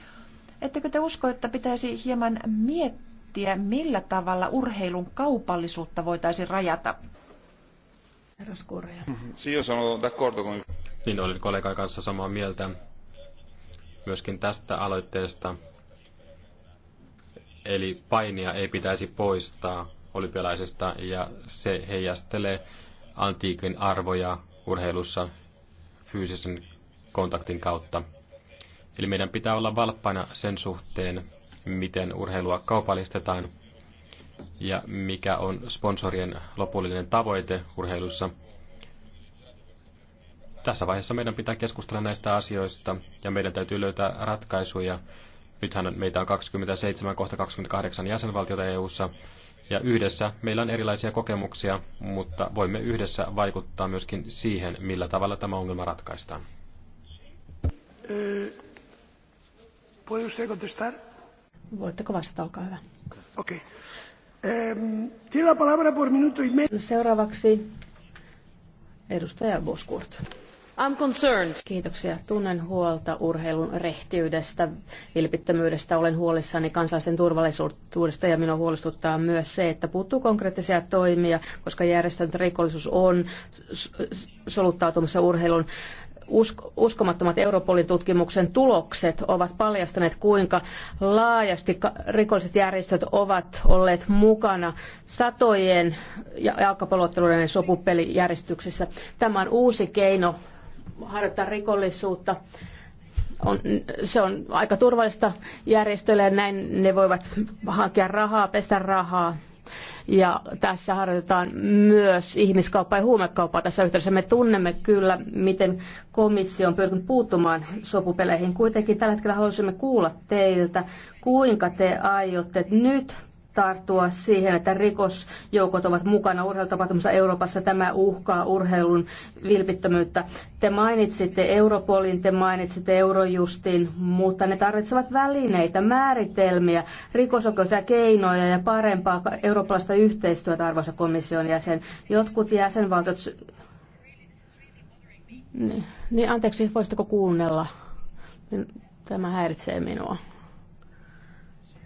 Speaker 2: Ettekö te usko, että pitäisi hieman miettiä, millä tavalla urheilun kaupallisuutta voitaisiin rajata? Mm-hmm.
Speaker 5: Niin
Speaker 4: olin kollegan kanssa samaa mieltä myöskin tästä aloitteesta. Eli painia ei pitäisi poistaa olympialaisesta ja se heijastelee antiikin arvoja urheilussa fyysisen kontaktin kautta. Eli meidän pitää olla valppaina sen suhteen, miten urheilua kaupallistetaan ja mikä on sponsorien lopullinen tavoite urheilussa. Tässä vaiheessa meidän pitää keskustella näistä asioista ja meidän täytyy löytää ratkaisuja. Nythän meitä on 27, kohta 28 jäsenvaltiota EU:ssa ja yhdessä meillä on erilaisia kokemuksia, mutta voimme yhdessä vaikuttaa myöskin siihen, millä tavalla tämä ongelma ratkaistaan.
Speaker 3: Puede usted contestar?
Speaker 1: Voitteko vastata, olkaa hyvä. Okei. Okay. Ehm, palabra por minuto y medio. Seuraavaksi edustaja Boskurt. I'm concerned. Kiitoksia. Tunnen huolta urheilun rehtiydestä, vilpittömyydestä. Olen huolissani kansalaisten turvallisuudesta ja minua huolestuttaa myös se, että puuttuu konkreettisia toimia, koska järjestänyt rikollisuus on soluttautumassa urheilun uskomattomat Europolin tutkimuksen tulokset ovat paljastaneet, kuinka laajasti rikolliset järjestöt ovat olleet mukana satojen jalkapallotteluiden ja sopupelijärjestyksissä. Tämä on uusi keino harjoittaa rikollisuutta. On, se on aika turvallista järjestöille ja näin ne voivat hankkia rahaa, pestä rahaa ja tässä harjoitetaan myös ihmiskauppaa ja huumekauppaa tässä yhteydessä. Me tunnemme kyllä, miten komissio on pyrkinyt puuttumaan sopupeleihin. Kuitenkin tällä hetkellä haluaisimme kuulla teiltä, kuinka te aiotte nyt tarttua siihen, että rikosjoukot ovat mukana urheilutapahtumassa Euroopassa. Tämä uhkaa urheilun vilpittömyyttä. Te mainitsitte Europolin, te mainitsitte Eurojustin, mutta ne tarvitsevat välineitä, määritelmiä, rikosoikeudellisia keinoja ja parempaa eurooppalaista yhteistyötä, arvoisa komission jäsen. Jotkut jäsenvaltiot... Niin, niin, anteeksi, voisitteko kuunnella? Tämä häiritsee minua.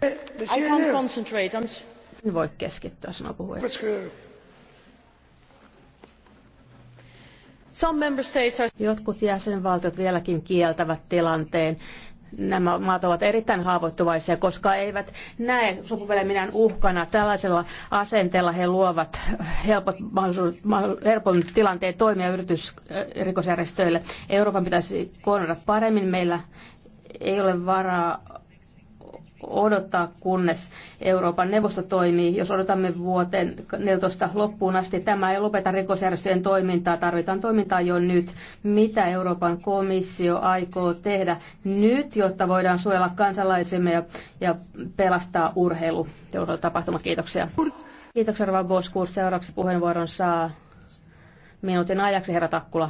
Speaker 1: Eh, I can't concentrate. I'm... En voi keskittyä, sanoo puhuja. Jotkut jäsenvaltiot vieläkin kieltävät tilanteen. Nämä maat ovat erittäin haavoittuvaisia, koska eivät näe sopuveleminen uhkana. Tällaisella asenteella he luovat helpot, helpon tilanteen toimia yritysrikosjärjestöille. Eh, Euroopan pitäisi koordinoida paremmin. Meillä ei ole varaa odottaa, kunnes Euroopan neuvosto toimii. Jos odotamme vuoteen 14 loppuun asti, tämä ei lopeta rikosjärjestöjen toimintaa. Tarvitaan toimintaa jo nyt. Mitä Euroopan komissio aikoo tehdä nyt, jotta voidaan suojella kansalaisemme ja, ja pelastaa urheilu? Tapahtuma. Kiitoksia. Kiitoksia, Rova Boskuus. Seuraavaksi puheenvuoron saa minuutin ajaksi herra Takkula.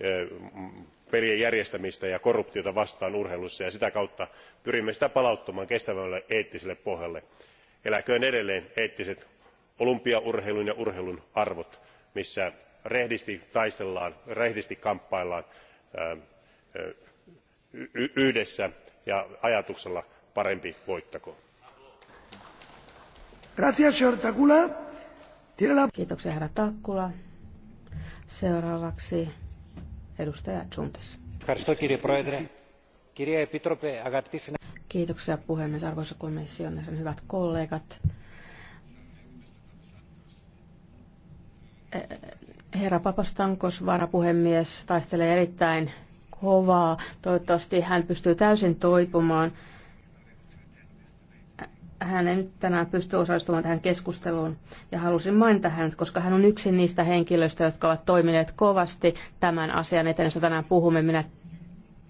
Speaker 3: Eh, pelien järjestämistä ja korruptiota vastaan urheilussa ja sitä kautta pyrimme sitä palauttamaan kestävälle eettiselle pohjalle. eläköön edelleen eettiset olympiaurheilun ja urheilun arvot missä rehdisti taistellaan rehdisti kamppaillaan eh, eh, yhdessä ja ajatuksella parempi voittakoon.
Speaker 1: Kiitoksia Seuraavaksi Edustaja Kiitoksia puhemies, arvoisa komissio ja sen hyvät kollegat. Eh, herra Papastankos, varapuhemies, taistelee erittäin kovaa. Toivottavasti hän pystyy täysin toipumaan hän ei nyt tänään pysty osallistumaan tähän keskusteluun ja halusin mainita hänet, koska hän on yksi niistä henkilöistä, jotka ovat toimineet kovasti tämän asian eteen, josta tänään puhumme. Minä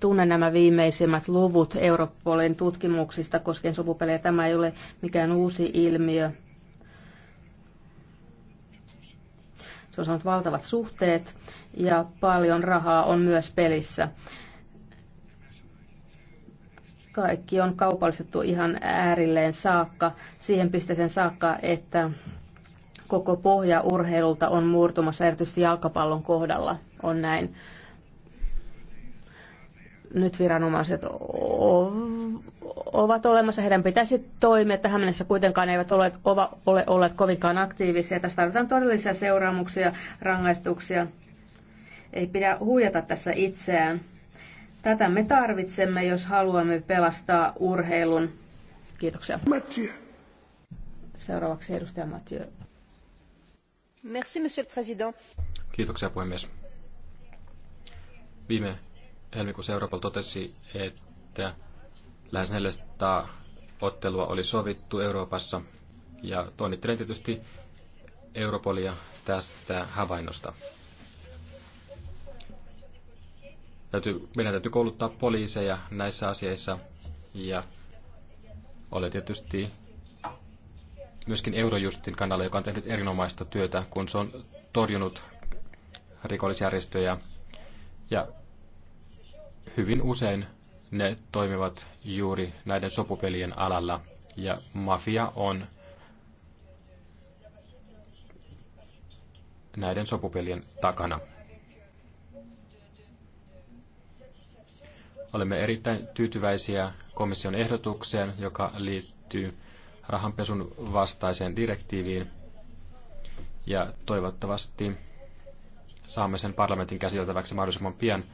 Speaker 1: tunnen nämä viimeisimmät luvut Europolin tutkimuksista koskien sopupelejä. Tämä ei ole mikään uusi ilmiö. Se on saanut valtavat suhteet ja paljon rahaa on myös pelissä kaikki on kaupallistettu ihan äärilleen saakka, siihen pisteeseen saakka, että koko pohja urheilulta on murtumassa, erityisesti jalkapallon kohdalla on näin. Nyt viranomaiset ovat olemassa, heidän pitäisi toimia. Tähän mennessä kuitenkaan eivät ole, ole olleet kovinkaan aktiivisia. Tässä tarvitaan todellisia seuraamuksia, rangaistuksia. Ei pidä huijata tässä itseään Tätä me tarvitsemme, jos haluamme pelastaa urheilun. Kiitoksia. Mathieu. Seuraavaksi edustaja Mathieu. Merci, monsieur le président.
Speaker 4: Kiitoksia, puhemies. Viime helmikuussa Euroopan totesi, että lähes 400 ottelua oli sovittu Euroopassa. Ja onnittelen tietysti Europolia tästä havainnosta. Täytyy, meidän täytyy kouluttaa poliiseja näissä asioissa ja ole tietysti myöskin Eurojustin kannalla, joka on tehnyt erinomaista työtä, kun se on torjunut rikollisjärjestöjä. Ja hyvin usein ne toimivat juuri näiden sopupelien alalla. Ja mafia on näiden sopupelien takana. Olemme erittäin tyytyväisiä komission ehdotukseen, joka liittyy rahanpesun vastaiseen direktiiviin. Ja toivottavasti saamme sen parlamentin käsiteltäväksi mahdollisimman pian.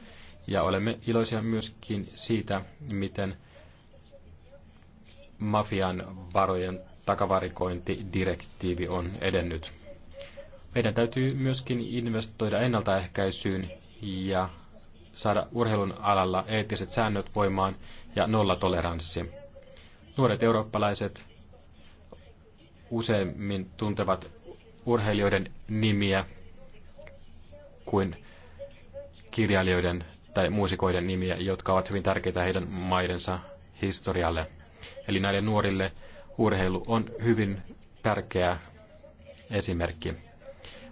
Speaker 4: Ja olemme iloisia myöskin siitä, miten mafian varojen takavarikointidirektiivi on edennyt. Meidän täytyy myöskin investoida ennaltaehkäisyyn ja saada urheilun alalla eettiset säännöt voimaan ja nollatoleranssi. Nuoret eurooppalaiset useimmin tuntevat urheilijoiden nimiä kuin kirjailijoiden tai muusikoiden nimiä, jotka ovat hyvin tärkeitä heidän maidensa historialle. Eli näille nuorille urheilu on hyvin tärkeä esimerkki.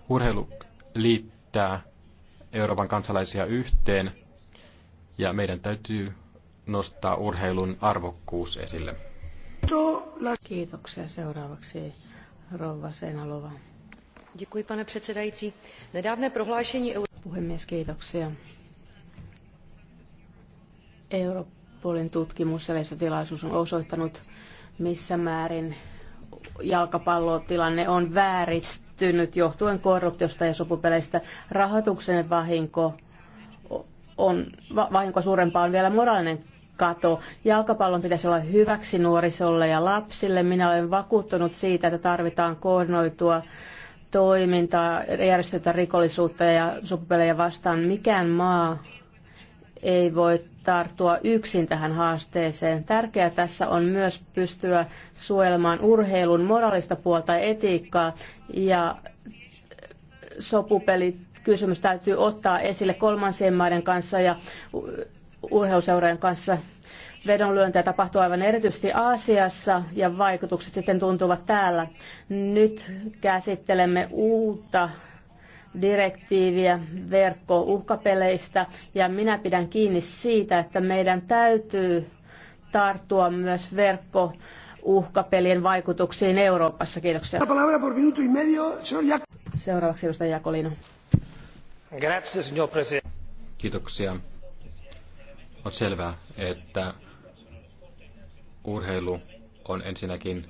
Speaker 4: Urheilu liittää Euroopan kansalaisia yhteen ja meidän täytyy nostaa urheilun arvokkuus esille.
Speaker 1: Kiitoksia. Seuraavaksi Rova Seinalova. Děkuji, pane předsedající. Nedávné prohlášení... Puhemies, kiitoksia. Europolin tutkimus tilaisuus on osoittanut, missä määrin jalkapallotilanne on vääristä kehittynyt johtuen korruptiosta ja sopupeleistä. Rahoituksen vahinko on, vahinko suurempaa on vielä moraalinen kato. Jalkapallon pitäisi olla hyväksi nuorisolle ja lapsille. Minä olen vakuuttunut siitä, että tarvitaan koordinoitua toimintaa, järjestettyä rikollisuutta ja sopupelejä vastaan. Mikään maa ei voi tarttua yksin tähän haasteeseen. Tärkeää tässä on myös pystyä suojelemaan urheilun moraalista puolta ja etiikkaa ja sopupelit kysymys täytyy ottaa esille kolmansien maiden kanssa ja urheiluseurojen kanssa. Vedonlyöntejä tapahtuu aivan erityisesti Aasiassa ja vaikutukset sitten tuntuvat täällä. Nyt käsittelemme uutta direktiiviä verkkouhkapeleistä ja minä pidän kiinni siitä, että meidän täytyy tarttua myös verkko uhkapelien vaikutuksiin Euroopassa. Kiitoksia. Seuraavaksi edustaja Jakolino.
Speaker 4: signor Presidente. Kiitoksia. On selvää, että urheilu on ensinnäkin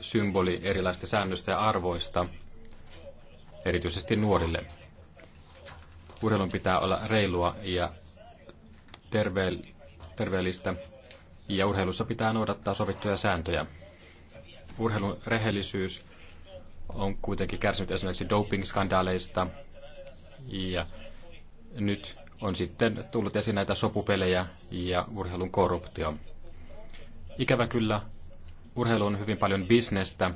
Speaker 4: symboli erilaisista säännöistä ja arvoista – erityisesti nuorille. Urheilun pitää olla reilua ja terveellistä, ja urheilussa pitää noudattaa sovittuja sääntöjä. Urheilun rehellisyys on kuitenkin kärsinyt esimerkiksi doping-skandaaleista, ja nyt on sitten tullut esiin näitä sopupelejä ja urheilun korruptio. Ikävä kyllä, urheilu on hyvin paljon bisnestä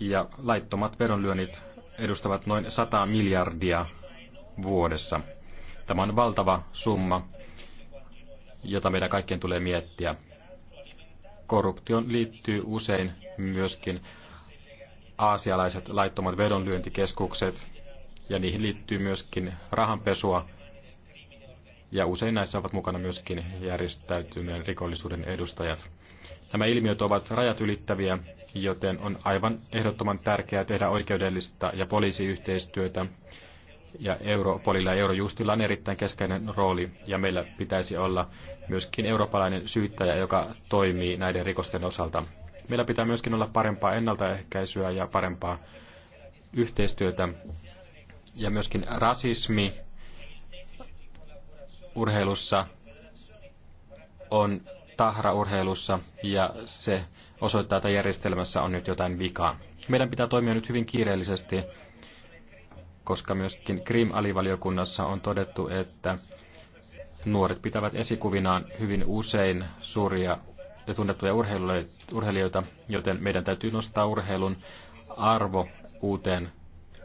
Speaker 4: ja laittomat veronlyönnit edustavat noin 100 miljardia vuodessa. Tämä on valtava summa, jota meidän kaikkien tulee miettiä. Korruption liittyy usein myöskin aasialaiset laittomat vedonlyöntikeskukset, ja niihin liittyy myöskin rahanpesua, ja usein näissä ovat mukana myöskin järjestäytyneen rikollisuuden edustajat. Nämä ilmiöt ovat rajat ylittäviä joten on aivan ehdottoman tärkeää tehdä oikeudellista ja poliisiyhteistyötä. Ja Europolilla ja Eurojustilla on erittäin keskeinen rooli, ja meillä pitäisi olla myöskin eurooppalainen syyttäjä, joka toimii näiden rikosten osalta. Meillä pitää myöskin olla parempaa ennaltaehkäisyä ja parempaa yhteistyötä. Ja myöskin rasismi urheilussa on tahra urheilussa ja se osoittaa, että järjestelmässä on nyt jotain vikaa. Meidän pitää toimia nyt hyvin kiireellisesti, koska myöskin Krim-alivaliokunnassa on todettu, että nuoret pitävät esikuvinaan hyvin usein suuria ja tunnettuja urheilijoita, joten meidän täytyy nostaa urheilun arvo uuteen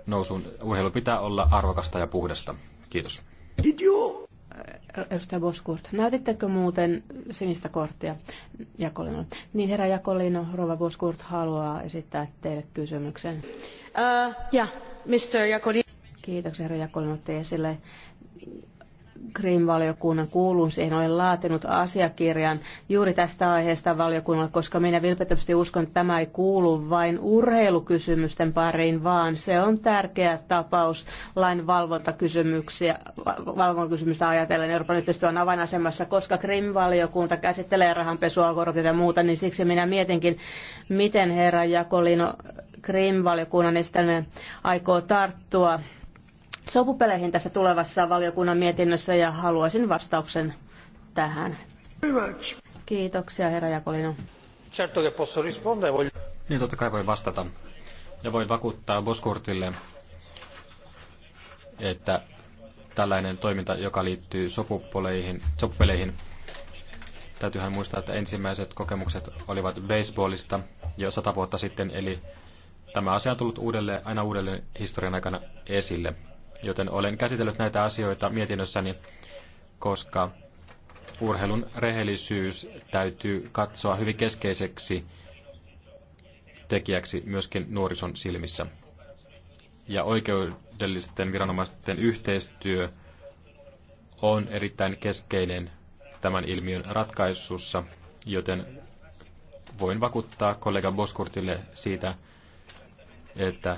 Speaker 4: nousuun. Urheilu pitää olla arvokasta ja puhdasta. Kiitos.
Speaker 1: Did you Edustaja Boskurt, näytittekö muuten sinistä korttia Jakolino? Niin herra Jakolino, Rova Boskurt haluaa esittää teille kysymyksen. Uh, yeah, Mr. Jakolino. Kiitoksia herra Jakolino, esille Krim-valiokunnan kuulun siihen, olen laatinut asiakirjan juuri tästä aiheesta valiokunnalle, koska minä vilpittömästi uskon, että tämä ei kuulu vain urheilukysymysten pariin, vaan se on tärkeä tapaus lain valvontakysymyksiä, valvontakysymystä ajatellen Euroopan yhteistyön avainasemassa, koska Krim-valiokunta käsittelee rahanpesua, korruptiota ja muuta, niin siksi minä mietinkin, miten herra Jakolino Krim-valiokunnan aikoo tarttua sopupeleihin tässä tulevassa valiokunnan mietinnössä ja haluaisin vastauksen tähän. Kiitoksia, herra Jakolino.
Speaker 4: Certo che posso rispondere, voglio... Niin totta kai voi vastata. Ja voi vakuuttaa Boskurtille, että tällainen toiminta, joka liittyy sopupeleihin, sopupeleihin täytyyhän muistaa, että ensimmäiset kokemukset olivat baseballista jo sata vuotta sitten, eli tämä asia on tullut uudelleen, aina uudelleen historian aikana esille joten olen käsitellyt näitä asioita mietinnössäni, koska urheilun rehellisyys täytyy katsoa hyvin keskeiseksi tekijäksi myöskin nuorison silmissä. Ja oikeudellisten viranomaisten yhteistyö on erittäin keskeinen tämän ilmiön ratkaisussa, joten voin vakuuttaa kollega Boskurtille siitä, että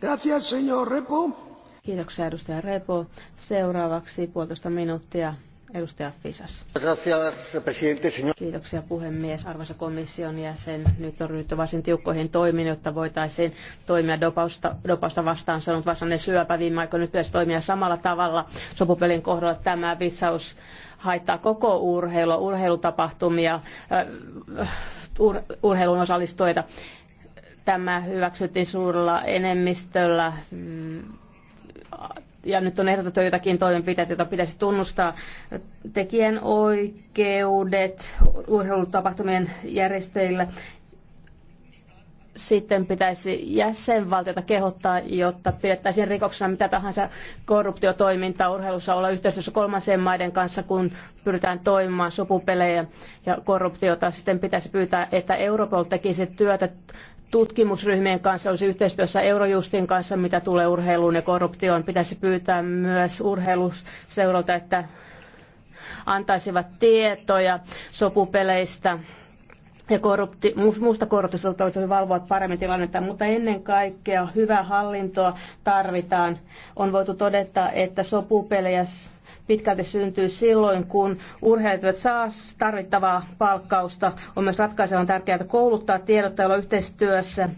Speaker 3: Gracias, señor Repo.
Speaker 1: Kiitoksia, edustaja Repo. Seuraavaksi puolitoista minuuttia Edustaja Fisas. Kiitoksia puhemies. Arvoisa komission jäsen, nyt on ryhdytty varsin tiukkoihin toimiin, jotta voitaisiin toimia dopausta, dopausta vastaan. Sanonut vastanne syöpä viime aikoina, nyt pitäisi toimia samalla tavalla. Sopupelin kohdalla tämä vitsaus haittaa koko urheilua, urheilutapahtumia, äh, ur, urheilun osallistujia Tämä hyväksyttiin suurella enemmistöllä mm, ja nyt on ehdotettu jotakin toimenpiteitä, joita pitäisi tunnustaa. Tekijän oikeudet urheilutapahtumien järjestäjillä. Sitten pitäisi jäsenvaltiota kehottaa, jotta pidettäisiin rikoksena mitä tahansa korruptiotoimintaa urheilussa olla yhteistyössä kolmansien maiden kanssa, kun pyritään toimimaan sopupelejä ja korruptiota. Sitten pitäisi pyytää, että Europol tekisi työtä tutkimusryhmien kanssa, olisi yhteistyössä Eurojustin kanssa, mitä tulee urheiluun ja korruptioon. Pitäisi pyytää myös urheiluseuralta, että antaisivat tietoja sopupeleistä ja korrupti, muusta korruptiosta olisi valvoa paremmin tilannetta, mutta ennen kaikkea hyvää hallintoa tarvitaan. On voitu todeta, että sopupelejä pitkälti syntyy silloin, kun urheilijat eivät saa tarvittavaa palkkausta. On myös ratkaisevan tärkeää kouluttaa tiedottajilla yhteistyössä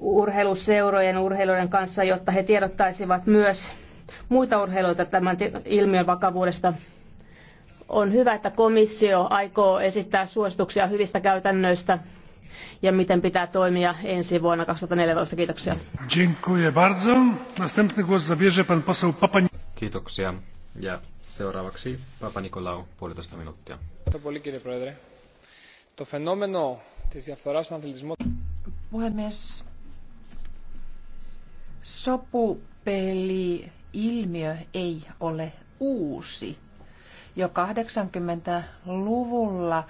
Speaker 1: urheiluseurojen urheilijoiden kanssa, jotta he tiedottaisivat myös muita urheiluita tämän ilmiön vakavuudesta. On hyvä, että komissio aikoo esittää suosituksia hyvistä käytännöistä ja miten pitää toimia ensi vuonna 2014. Kiitoksia.
Speaker 5: Dziękuję bardzo. Następny
Speaker 4: głos zabierze pan poseł Papa. Kiitoksia. Ja seuraavaksi Papa Nikolaou, puolitoista minuuttia.
Speaker 2: Puhemies, sopupeli-ilmiö ei ole uusi. Jo 80-luvulla äh,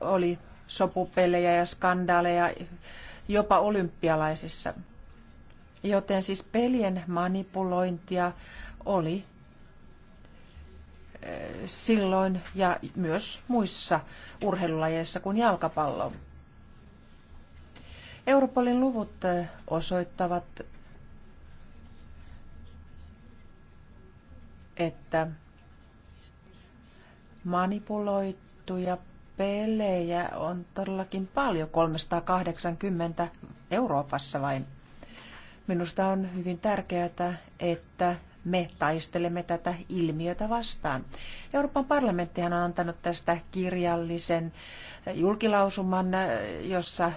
Speaker 2: oli sopupelejä ja skandaaleja jopa olympialaisissa. Joten siis pelien manipulointia oli eh, silloin ja myös muissa urheilulajeissa kuin jalkapallo. Europolin luvut eh, osoittavat, että manipuloituja pelejä on todellakin paljon, 380 Euroopassa vain. Minusta on hyvin tärkeää, että me taistelemme tätä ilmiötä vastaan. Euroopan parlamenttihan on antanut tästä kirjallisen julkilausuman, jossa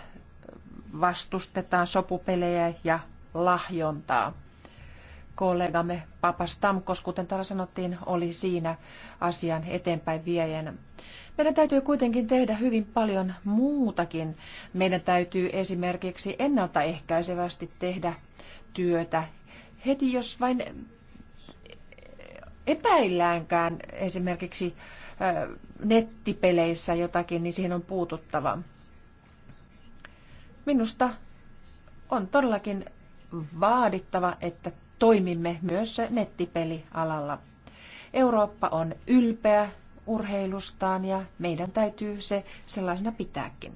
Speaker 2: vastustetaan sopupelejä ja lahjontaa kollegamme Stamkos, kuten täällä sanottiin, oli siinä asian eteenpäin viejänä. Meidän täytyy kuitenkin tehdä hyvin paljon muutakin. Meidän täytyy esimerkiksi ennaltaehkäisevästi tehdä työtä. Heti jos vain epäilläänkään esimerkiksi nettipeleissä jotakin, niin siihen on puututtava. Minusta on todellakin vaadittava, että toimimme myös nettipelialalla. Eurooppa on ylpeä urheilustaan ja meidän täytyy se sellaisena
Speaker 5: pitääkin.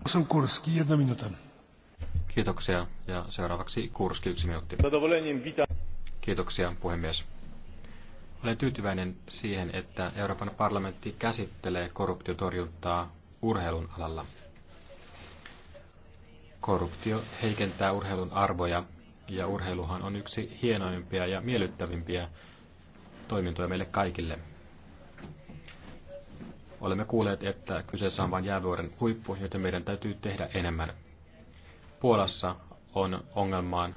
Speaker 4: Kiitoksia ja seuraavaksi Kurski yksi minuutti. Kiitoksia puhemies. Olen tyytyväinen siihen, että Euroopan parlamentti käsittelee korruptiotorjuntaa urheilun alalla. Korruptio heikentää urheilun arvoja ja urheiluhan on yksi hienoimpia ja miellyttävimpiä toimintoja meille kaikille. Olemme kuulleet, että kyseessä on vain jäävuoren huippu, joten meidän täytyy tehdä enemmän. Puolassa on ongelmaan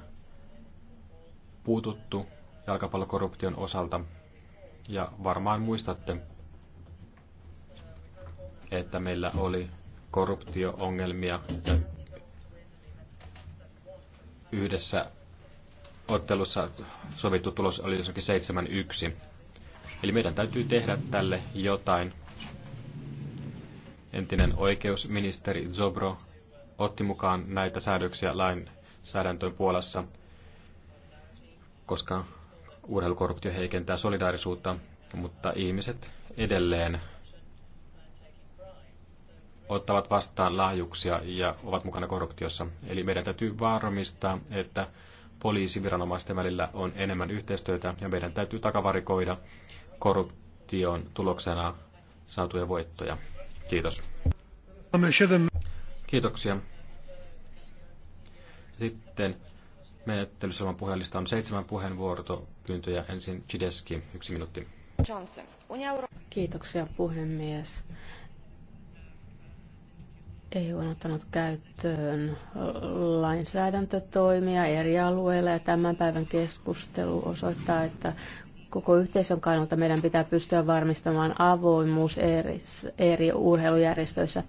Speaker 4: puututtu jalkapallokorruption osalta, ja varmaan muistatte, että meillä oli korruptioongelmia yhdessä ottelussa sovittu tulos oli jossakin 7-1. Eli meidän täytyy tehdä tälle jotain. Entinen oikeusministeri Zobro otti mukaan näitä säädöksiä lainsäädäntöön Puolassa, koska urheilukorruptio heikentää solidaarisuutta, mutta ihmiset edelleen ottavat vastaan lahjuksia ja ovat mukana korruptiossa. Eli meidän täytyy varmistaa, että poliisiviranomaisten välillä on enemmän yhteistyötä ja meidän täytyy takavarikoida korruption tuloksena saatuja voittoja. Kiitos. Kiitoksia. Sitten menettelyssä on puhelista on seitsemän puheenvuoropyyntöjä. Ensin Chideski, yksi minuutti.
Speaker 1: Johnson. Kiitoksia puhemies. EU on ottanut käyttöön lainsäädäntötoimia eri alueilla ja tämän päivän keskustelu osoittaa, että koko yhteisön kannalta meidän pitää pystyä varmistamaan avoimuus eri, eri urheilujärjestöissä.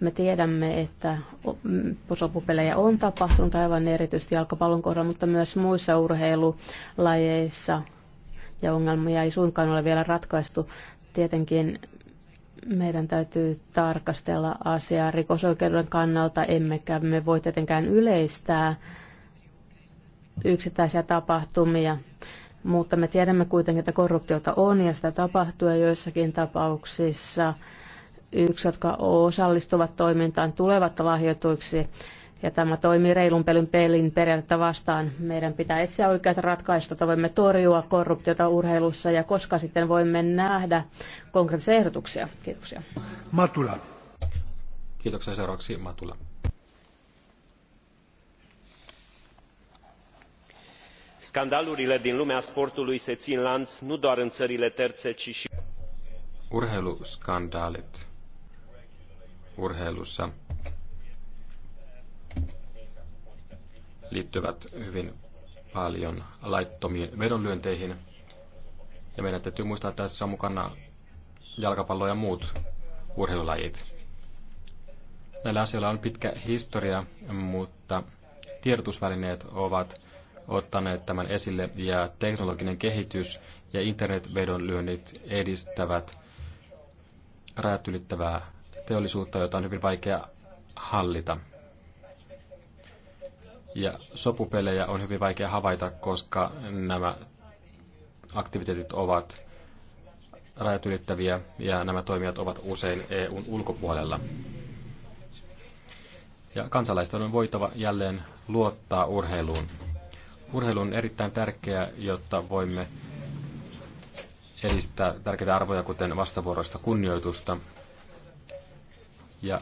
Speaker 1: Me tiedämme, että mm, sopupelejä on tapahtunut aivan erityisesti jalkapallon kohdalla, mutta myös muissa urheilulajeissa ja ongelmia ei suinkaan ole vielä ratkaistu. Tietenkin meidän täytyy tarkastella asiaa rikosoikeuden kannalta, emmekä me voi tietenkään yleistää yksittäisiä tapahtumia, mutta me tiedämme kuitenkin, että korruptiota on ja sitä tapahtuu ja joissakin tapauksissa yksi, jotka osallistuvat toimintaan, tulevat lahjoituiksi ja tämä toimii reilun pelin pelin periaatetta vastaan. Meidän pitää etsiä oikeat ratkaisut, että voimme torjua korruptiota urheilussa ja koska sitten voimme nähdä konkreettisia ehdotuksia. Kiitoksia.
Speaker 3: Matula.
Speaker 4: Kiitoksia seuraavaksi Matula.
Speaker 5: Skandalurile din lumea sportului se țin lanț nu doar în țările terțe, ci și...
Speaker 4: Urheiluskandaalit urheilussa liittyvät hyvin paljon laittomiin vedonlyönteihin. Ja meidän täytyy muistaa, että tässä on mukana jalkapallo ja muut urheilulajit. Näillä asioilla on pitkä historia, mutta tiedotusvälineet ovat ottaneet tämän esille ja teknologinen kehitys ja internetvedonlyönnit edistävät rajat ylittävää teollisuutta, jota on hyvin vaikea hallita. Ja sopupelejä on hyvin vaikea havaita, koska nämä aktiviteetit ovat rajat ylittäviä ja nämä toimijat ovat usein EUn ulkopuolella. Ja kansalaisten on voitava jälleen luottaa urheiluun. Urheilu on erittäin tärkeää, jotta voimme edistää tärkeitä arvoja, kuten vastavuoroista kunnioitusta. Ja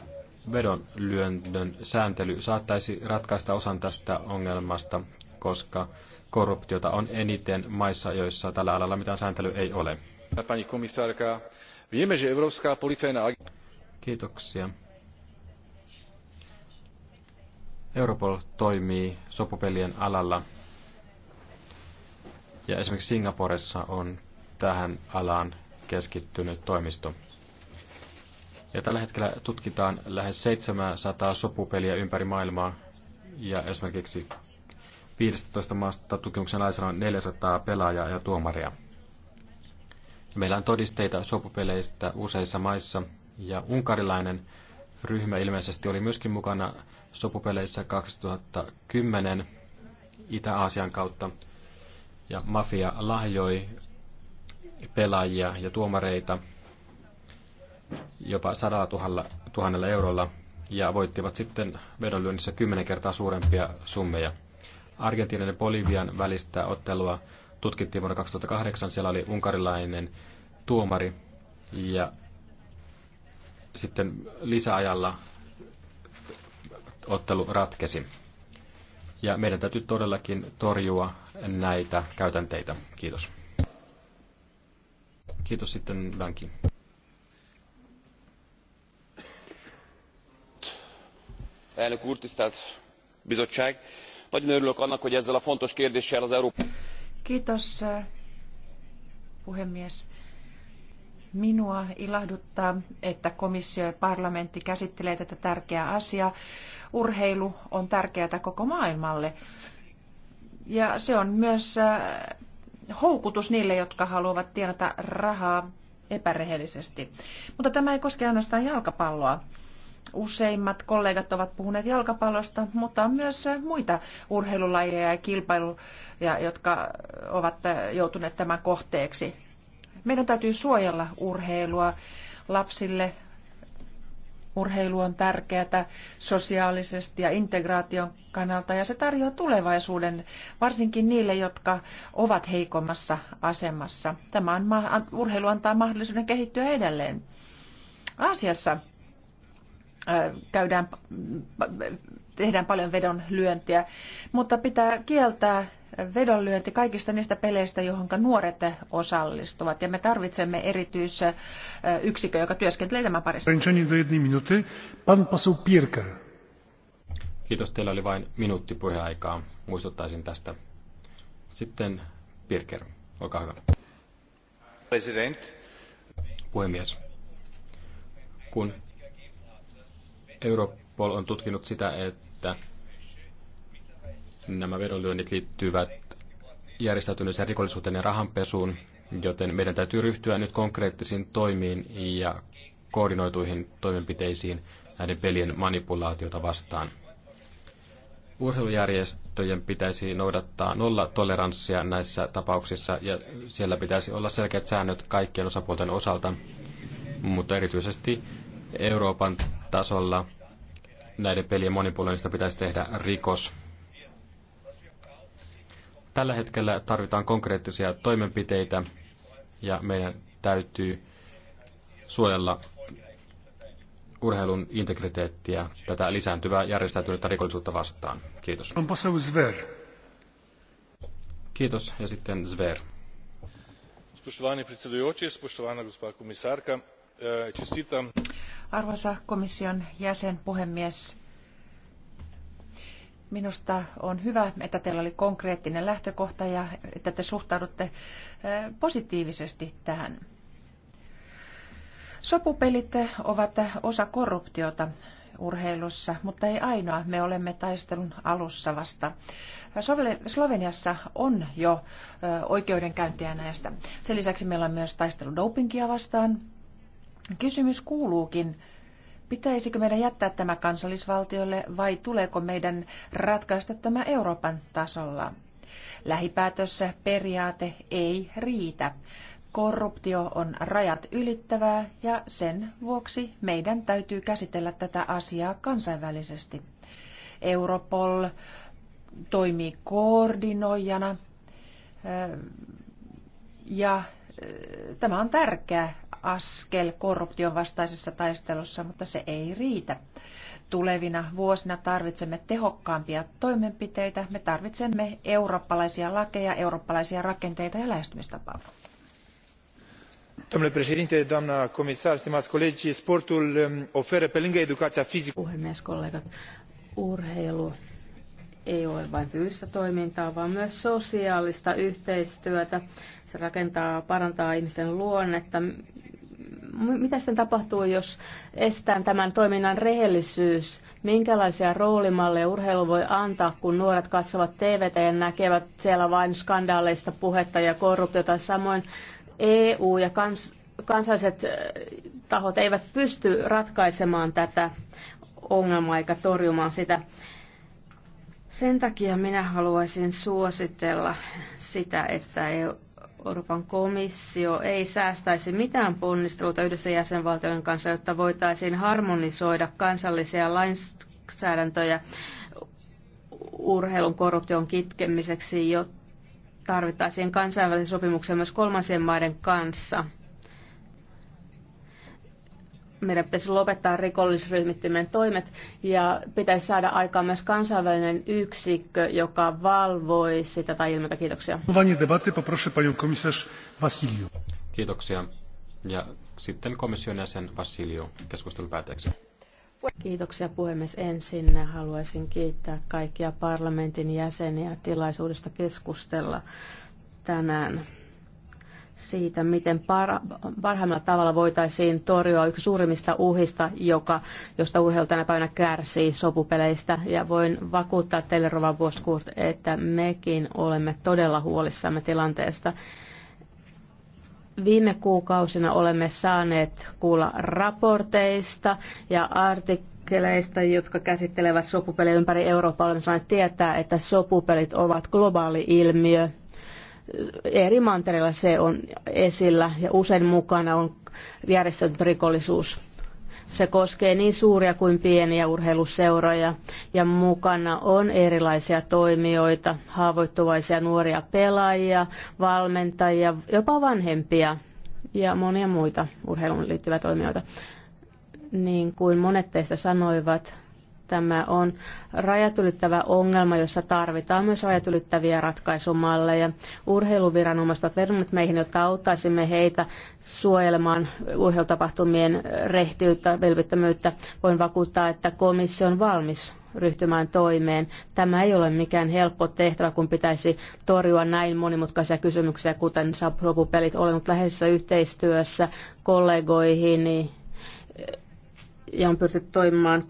Speaker 4: vedonlyönnön sääntely saattaisi ratkaista osan tästä ongelmasta, koska korruptiota on eniten maissa, joissa tällä alalla mitään sääntelyä ei ole. Pani viemme, že Európska policajna... Kiitoksia. Europol toimii sopupelien alalla. Ja esimerkiksi Singaporessa on tähän alaan keskittynyt toimisto. Ja tällä hetkellä tutkitaan lähes 700 sopupeliä ympäri maailmaa. Ja esimerkiksi 15 maasta tutkimuksen alaisena on 400 pelaajaa ja tuomaria. Meillä on todisteita sopupeleistä useissa maissa ja unkarilainen ryhmä ilmeisesti oli myöskin mukana sopupeleissä 2010 Itä-Aasian kautta. Ja mafia lahjoi pelaajia ja tuomareita jopa 100 000, 000 eurolla ja voittivat sitten vedonlyönnissä kymmenen kertaa suurempia summeja. Argentiinan ja Bolivian välistä ottelua tutkittiin vuonna 2008. Siellä oli unkarilainen tuomari ja sitten lisäajalla ottelu ratkesi. Ja meidän täytyy todellakin torjua näitä käytänteitä. Kiitos. Kiitos sitten Vänki. elnök úr tisztelt bizottság! nagyon örülök annak hogy ezzel a fontos
Speaker 5: kérdéssel az európai.
Speaker 2: kiitos puhemies minua ilahduttaa, että komissio ja parlamentti käsittelee tätä tärkeää asiaa. Urheilu on tärkeää koko maailmalle. Ja se on myös äh, houkutus niille, jotka haluavat tienata rahaa epärehellisesti. Mutta tämä ei koske ainoastaan jalkapalloa. Useimmat kollegat ovat puhuneet jalkapallosta, mutta on myös muita urheilulajeja ja kilpailuja, jotka ovat joutuneet tämän kohteeksi. Meidän täytyy suojella urheilua lapsille. Urheilu on tärkeää sosiaalisesti ja integraation kannalta ja se tarjoaa tulevaisuuden varsinkin niille, jotka ovat heikommassa asemassa. Tämä on, urheilu antaa mahdollisuuden kehittyä edelleen. Aasiassa käydään, tehdään paljon vedonlyöntiä, mutta pitää kieltää vedonlyönti kaikista niistä peleistä, johon nuoret osallistuvat. Ja me tarvitsemme erityisyksikö, joka työskentelee tämän parissa.
Speaker 4: Kiitos, teillä oli vain minuutti puheaikaa. Muistuttaisin tästä. Sitten Pirker, olkaa hyvä. President. Puhemies, kun Europol on tutkinut sitä, että nämä vedonlyönnit liittyvät järjestäytyneeseen rikollisuuteen ja rahanpesuun, joten meidän täytyy ryhtyä nyt konkreettisiin toimiin ja koordinoituihin toimenpiteisiin näiden pelien manipulaatiota vastaan. Urheilujärjestöjen pitäisi noudattaa nolla toleranssia näissä tapauksissa ja siellä pitäisi olla selkeät säännöt kaikkien osapuolten osalta, mutta erityisesti Euroopan tasolla näiden pelien monipuolista pitäisi tehdä rikos. Tällä hetkellä tarvitaan konkreettisia toimenpiteitä ja meidän täytyy suojella urheilun integriteettiä tätä lisääntyvää järjestäytynyttä rikollisuutta vastaan. Kiitos. Kiitos ja sitten Zver.
Speaker 5: Spoštovani predsedujoči,
Speaker 4: spoštovana
Speaker 3: gospa komisarka, eh, čestitam.
Speaker 2: Arvoisa komission jäsen, puhemies, minusta on hyvä, että teillä oli konkreettinen lähtökohta ja että te suhtaudutte eh, positiivisesti tähän. Sopupelit ovat osa korruptiota urheilussa, mutta ei ainoa. Me olemme taistelun alussa vasta. Sloveniassa on jo eh, oikeudenkäyntiä näistä. Sen lisäksi meillä on myös taistelu dopingia vastaan, Kysymys kuuluukin, pitäisikö meidän jättää tämä kansallisvaltiolle vai tuleeko meidän ratkaista tämä Euroopan tasolla? Lähipäätössä periaate ei riitä. Korruptio on rajat ylittävää ja sen vuoksi meidän täytyy käsitellä tätä asiaa kansainvälisesti. Europol toimii koordinoijana ja tämä on tärkeä askel korruption vastaisessa taistelussa, mutta se ei riitä. Tulevina vuosina tarvitsemme tehokkaampia toimenpiteitä. Me tarvitsemme eurooppalaisia lakeja, eurooppalaisia rakenteita ja lähestymistapaa.
Speaker 3: Domnule președinte, doamna comisar, stimați colegi, sportul um, oferă pe lângă educația fizică. Puhemies,
Speaker 1: kollegat, urheilu ei ole vain fyysistä toimintaa, vaan myös sosiaalista yhteistyötä. Se rakentaa, parantaa ihmisten luonnetta, mitä sitten tapahtuu, jos estään tämän toiminnan rehellisyys? Minkälaisia roolimalleja urheilu voi antaa, kun nuoret katsovat TVtä ja näkevät siellä vain skandaaleista puhetta ja korruptiota? Samoin EU ja kans, kansalliset tahot eivät pysty ratkaisemaan tätä ongelmaa eikä torjumaan sitä. Sen takia minä haluaisin suositella sitä, että e Euroopan komissio ei säästäisi mitään ponnisteluita yhdessä jäsenvaltioiden kanssa, jotta voitaisiin harmonisoida kansallisia lainsäädäntöjä urheilun korruption kitkemiseksi, jotta tarvittaisiin kansainvälisen sopimuksen myös kolmansien maiden kanssa meidän pitäisi lopettaa rikollisryhmittymien toimet ja pitäisi saada aikaan myös kansainvälinen yksikkö, joka valvoisi tätä ilmiötä. Kiitoksia.
Speaker 3: Kiitoksia.
Speaker 4: Ja sitten komission jäsen Vassilio keskustelun päätteeksi.
Speaker 1: Kiitoksia puhemies. Ensin haluaisin kiittää kaikkia parlamentin jäseniä tilaisuudesta keskustella tänään siitä, miten parhaimmalla tavalla voitaisiin torjua yksi suurimmista uhista, joka, josta urheilu tänä päivänä kärsii sopupeleistä. Ja voin vakuuttaa teille, Rova Boskurt, että mekin olemme todella huolissamme tilanteesta. Viime kuukausina olemme saaneet kuulla raporteista ja artikkeleista, jotka käsittelevät sopupelejä ympäri Eurooppaa. Olemme saaneet tietää, että sopupelit ovat globaali ilmiö, Eri mantereilla se on esillä ja usein mukana on järjestönyt rikollisuus. Se koskee niin suuria kuin pieniä urheiluseuroja ja mukana on erilaisia toimijoita, haavoittuvaisia nuoria pelaajia, valmentajia, jopa vanhempia ja monia muita urheiluun liittyviä toimijoita. Niin kuin monet teistä sanoivat, Tämä on rajat ylittävä ongelma, jossa tarvitaan myös rajat ylittäviä ratkaisumalleja. Urheiluviranomaiset ovat vedonneet meihin, jotta auttaisimme heitä suojelemaan urheilutapahtumien rehtiyttä, velvittömyyttä. Voin vakuuttaa, että komissio on valmis ryhtymään toimeen. Tämä ei ole mikään helppo tehtävä, kun pitäisi torjua näin monimutkaisia kysymyksiä, kuten sapropupelit. Olen ollut läheisessä yhteistyössä kollegoihini ja on pyritty toimimaan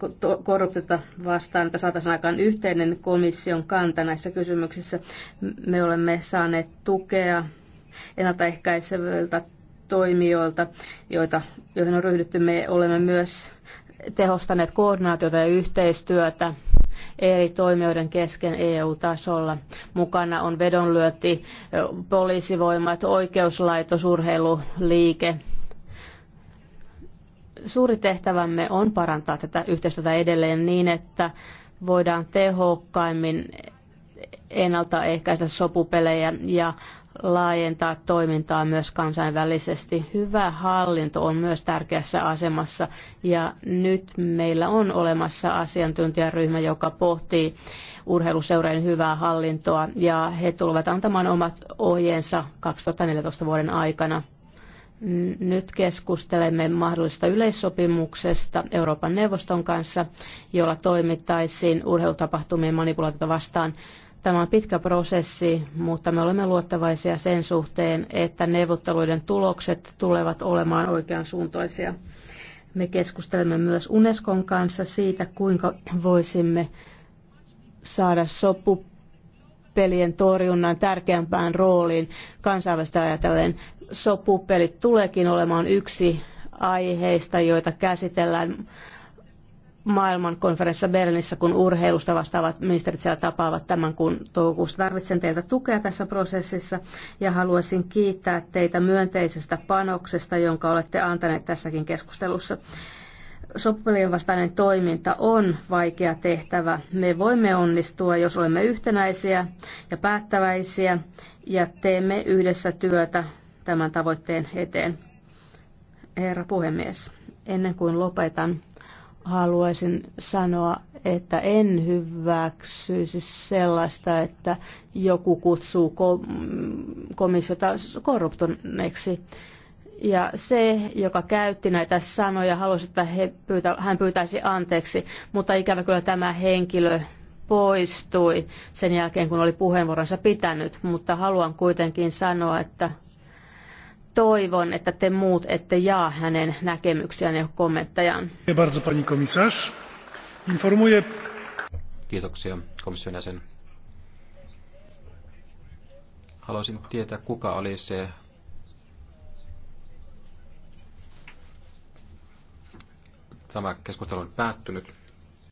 Speaker 1: korruptiota vastaan, että saataisiin aikaan yhteinen komission kanta näissä kysymyksissä. Me olemme saaneet tukea ennaltaehkäisevöiltä toimijoilta, joita, joihin on ryhdytty. Me olemme myös tehostaneet koordinaatiota ja yhteistyötä eri toimijoiden kesken EU-tasolla. Mukana on vedonlyöti, poliisivoimat, oikeuslaitos, urheiluliike, Suuri tehtävämme on parantaa tätä yhteistyötä edelleen niin, että voidaan tehokkaimmin ennaltaehkäistä sopupelejä ja laajentaa toimintaa myös kansainvälisesti. Hyvä hallinto on myös tärkeässä asemassa ja nyt meillä on olemassa asiantuntijaryhmä, joka pohtii urheiluseurojen hyvää hallintoa ja he tulevat antamaan omat ohjeensa 2014 vuoden aikana. Nyt keskustelemme mahdollisesta yleissopimuksesta Euroopan neuvoston kanssa, jolla toimittaisiin urheilutapahtumien manipulaatiota vastaan. Tämä on pitkä prosessi, mutta me olemme luottavaisia sen suhteen, että neuvotteluiden tulokset tulevat olemaan oikeansuuntaisia. Me keskustelemme myös Unescon kanssa siitä, kuinka voisimme saada sopu pelien torjunnan tärkeämpään rooliin kansainvälistä ajatellen sopupelit tuleekin olemaan yksi aiheista, joita käsitellään maailmankonferenssissa Berliinissä, kun urheilusta vastaavat ministerit siellä tapaavat tämän kuun toukokuussa. Tarvitsen teiltä tukea tässä prosessissa ja haluaisin kiittää teitä myönteisestä panoksesta, jonka olette antaneet tässäkin keskustelussa. Sopupelien vastainen toiminta on vaikea tehtävä. Me voimme onnistua, jos olemme yhtenäisiä ja päättäväisiä ja teemme yhdessä työtä tämän tavoitteen eteen. Herra puhemies, ennen kuin lopetan, haluaisin sanoa, että en hyväksyisi sellaista, että joku kutsuu komissiota korruptoneeksi. Ja se, joka käytti näitä sanoja, halusi, että he pyytä, hän pyytäisi anteeksi, mutta ikävä kyllä tämä henkilö poistui sen jälkeen, kun oli puheenvuoronsa pitänyt, mutta haluan kuitenkin sanoa, että toivon, että te muut ette jaa hänen näkemyksiään ja kommenttejaan.
Speaker 4: Kiitoksia komission jäsen. Haluaisin tietää, kuka oli se
Speaker 5: tämä keskustelu on päättynyt.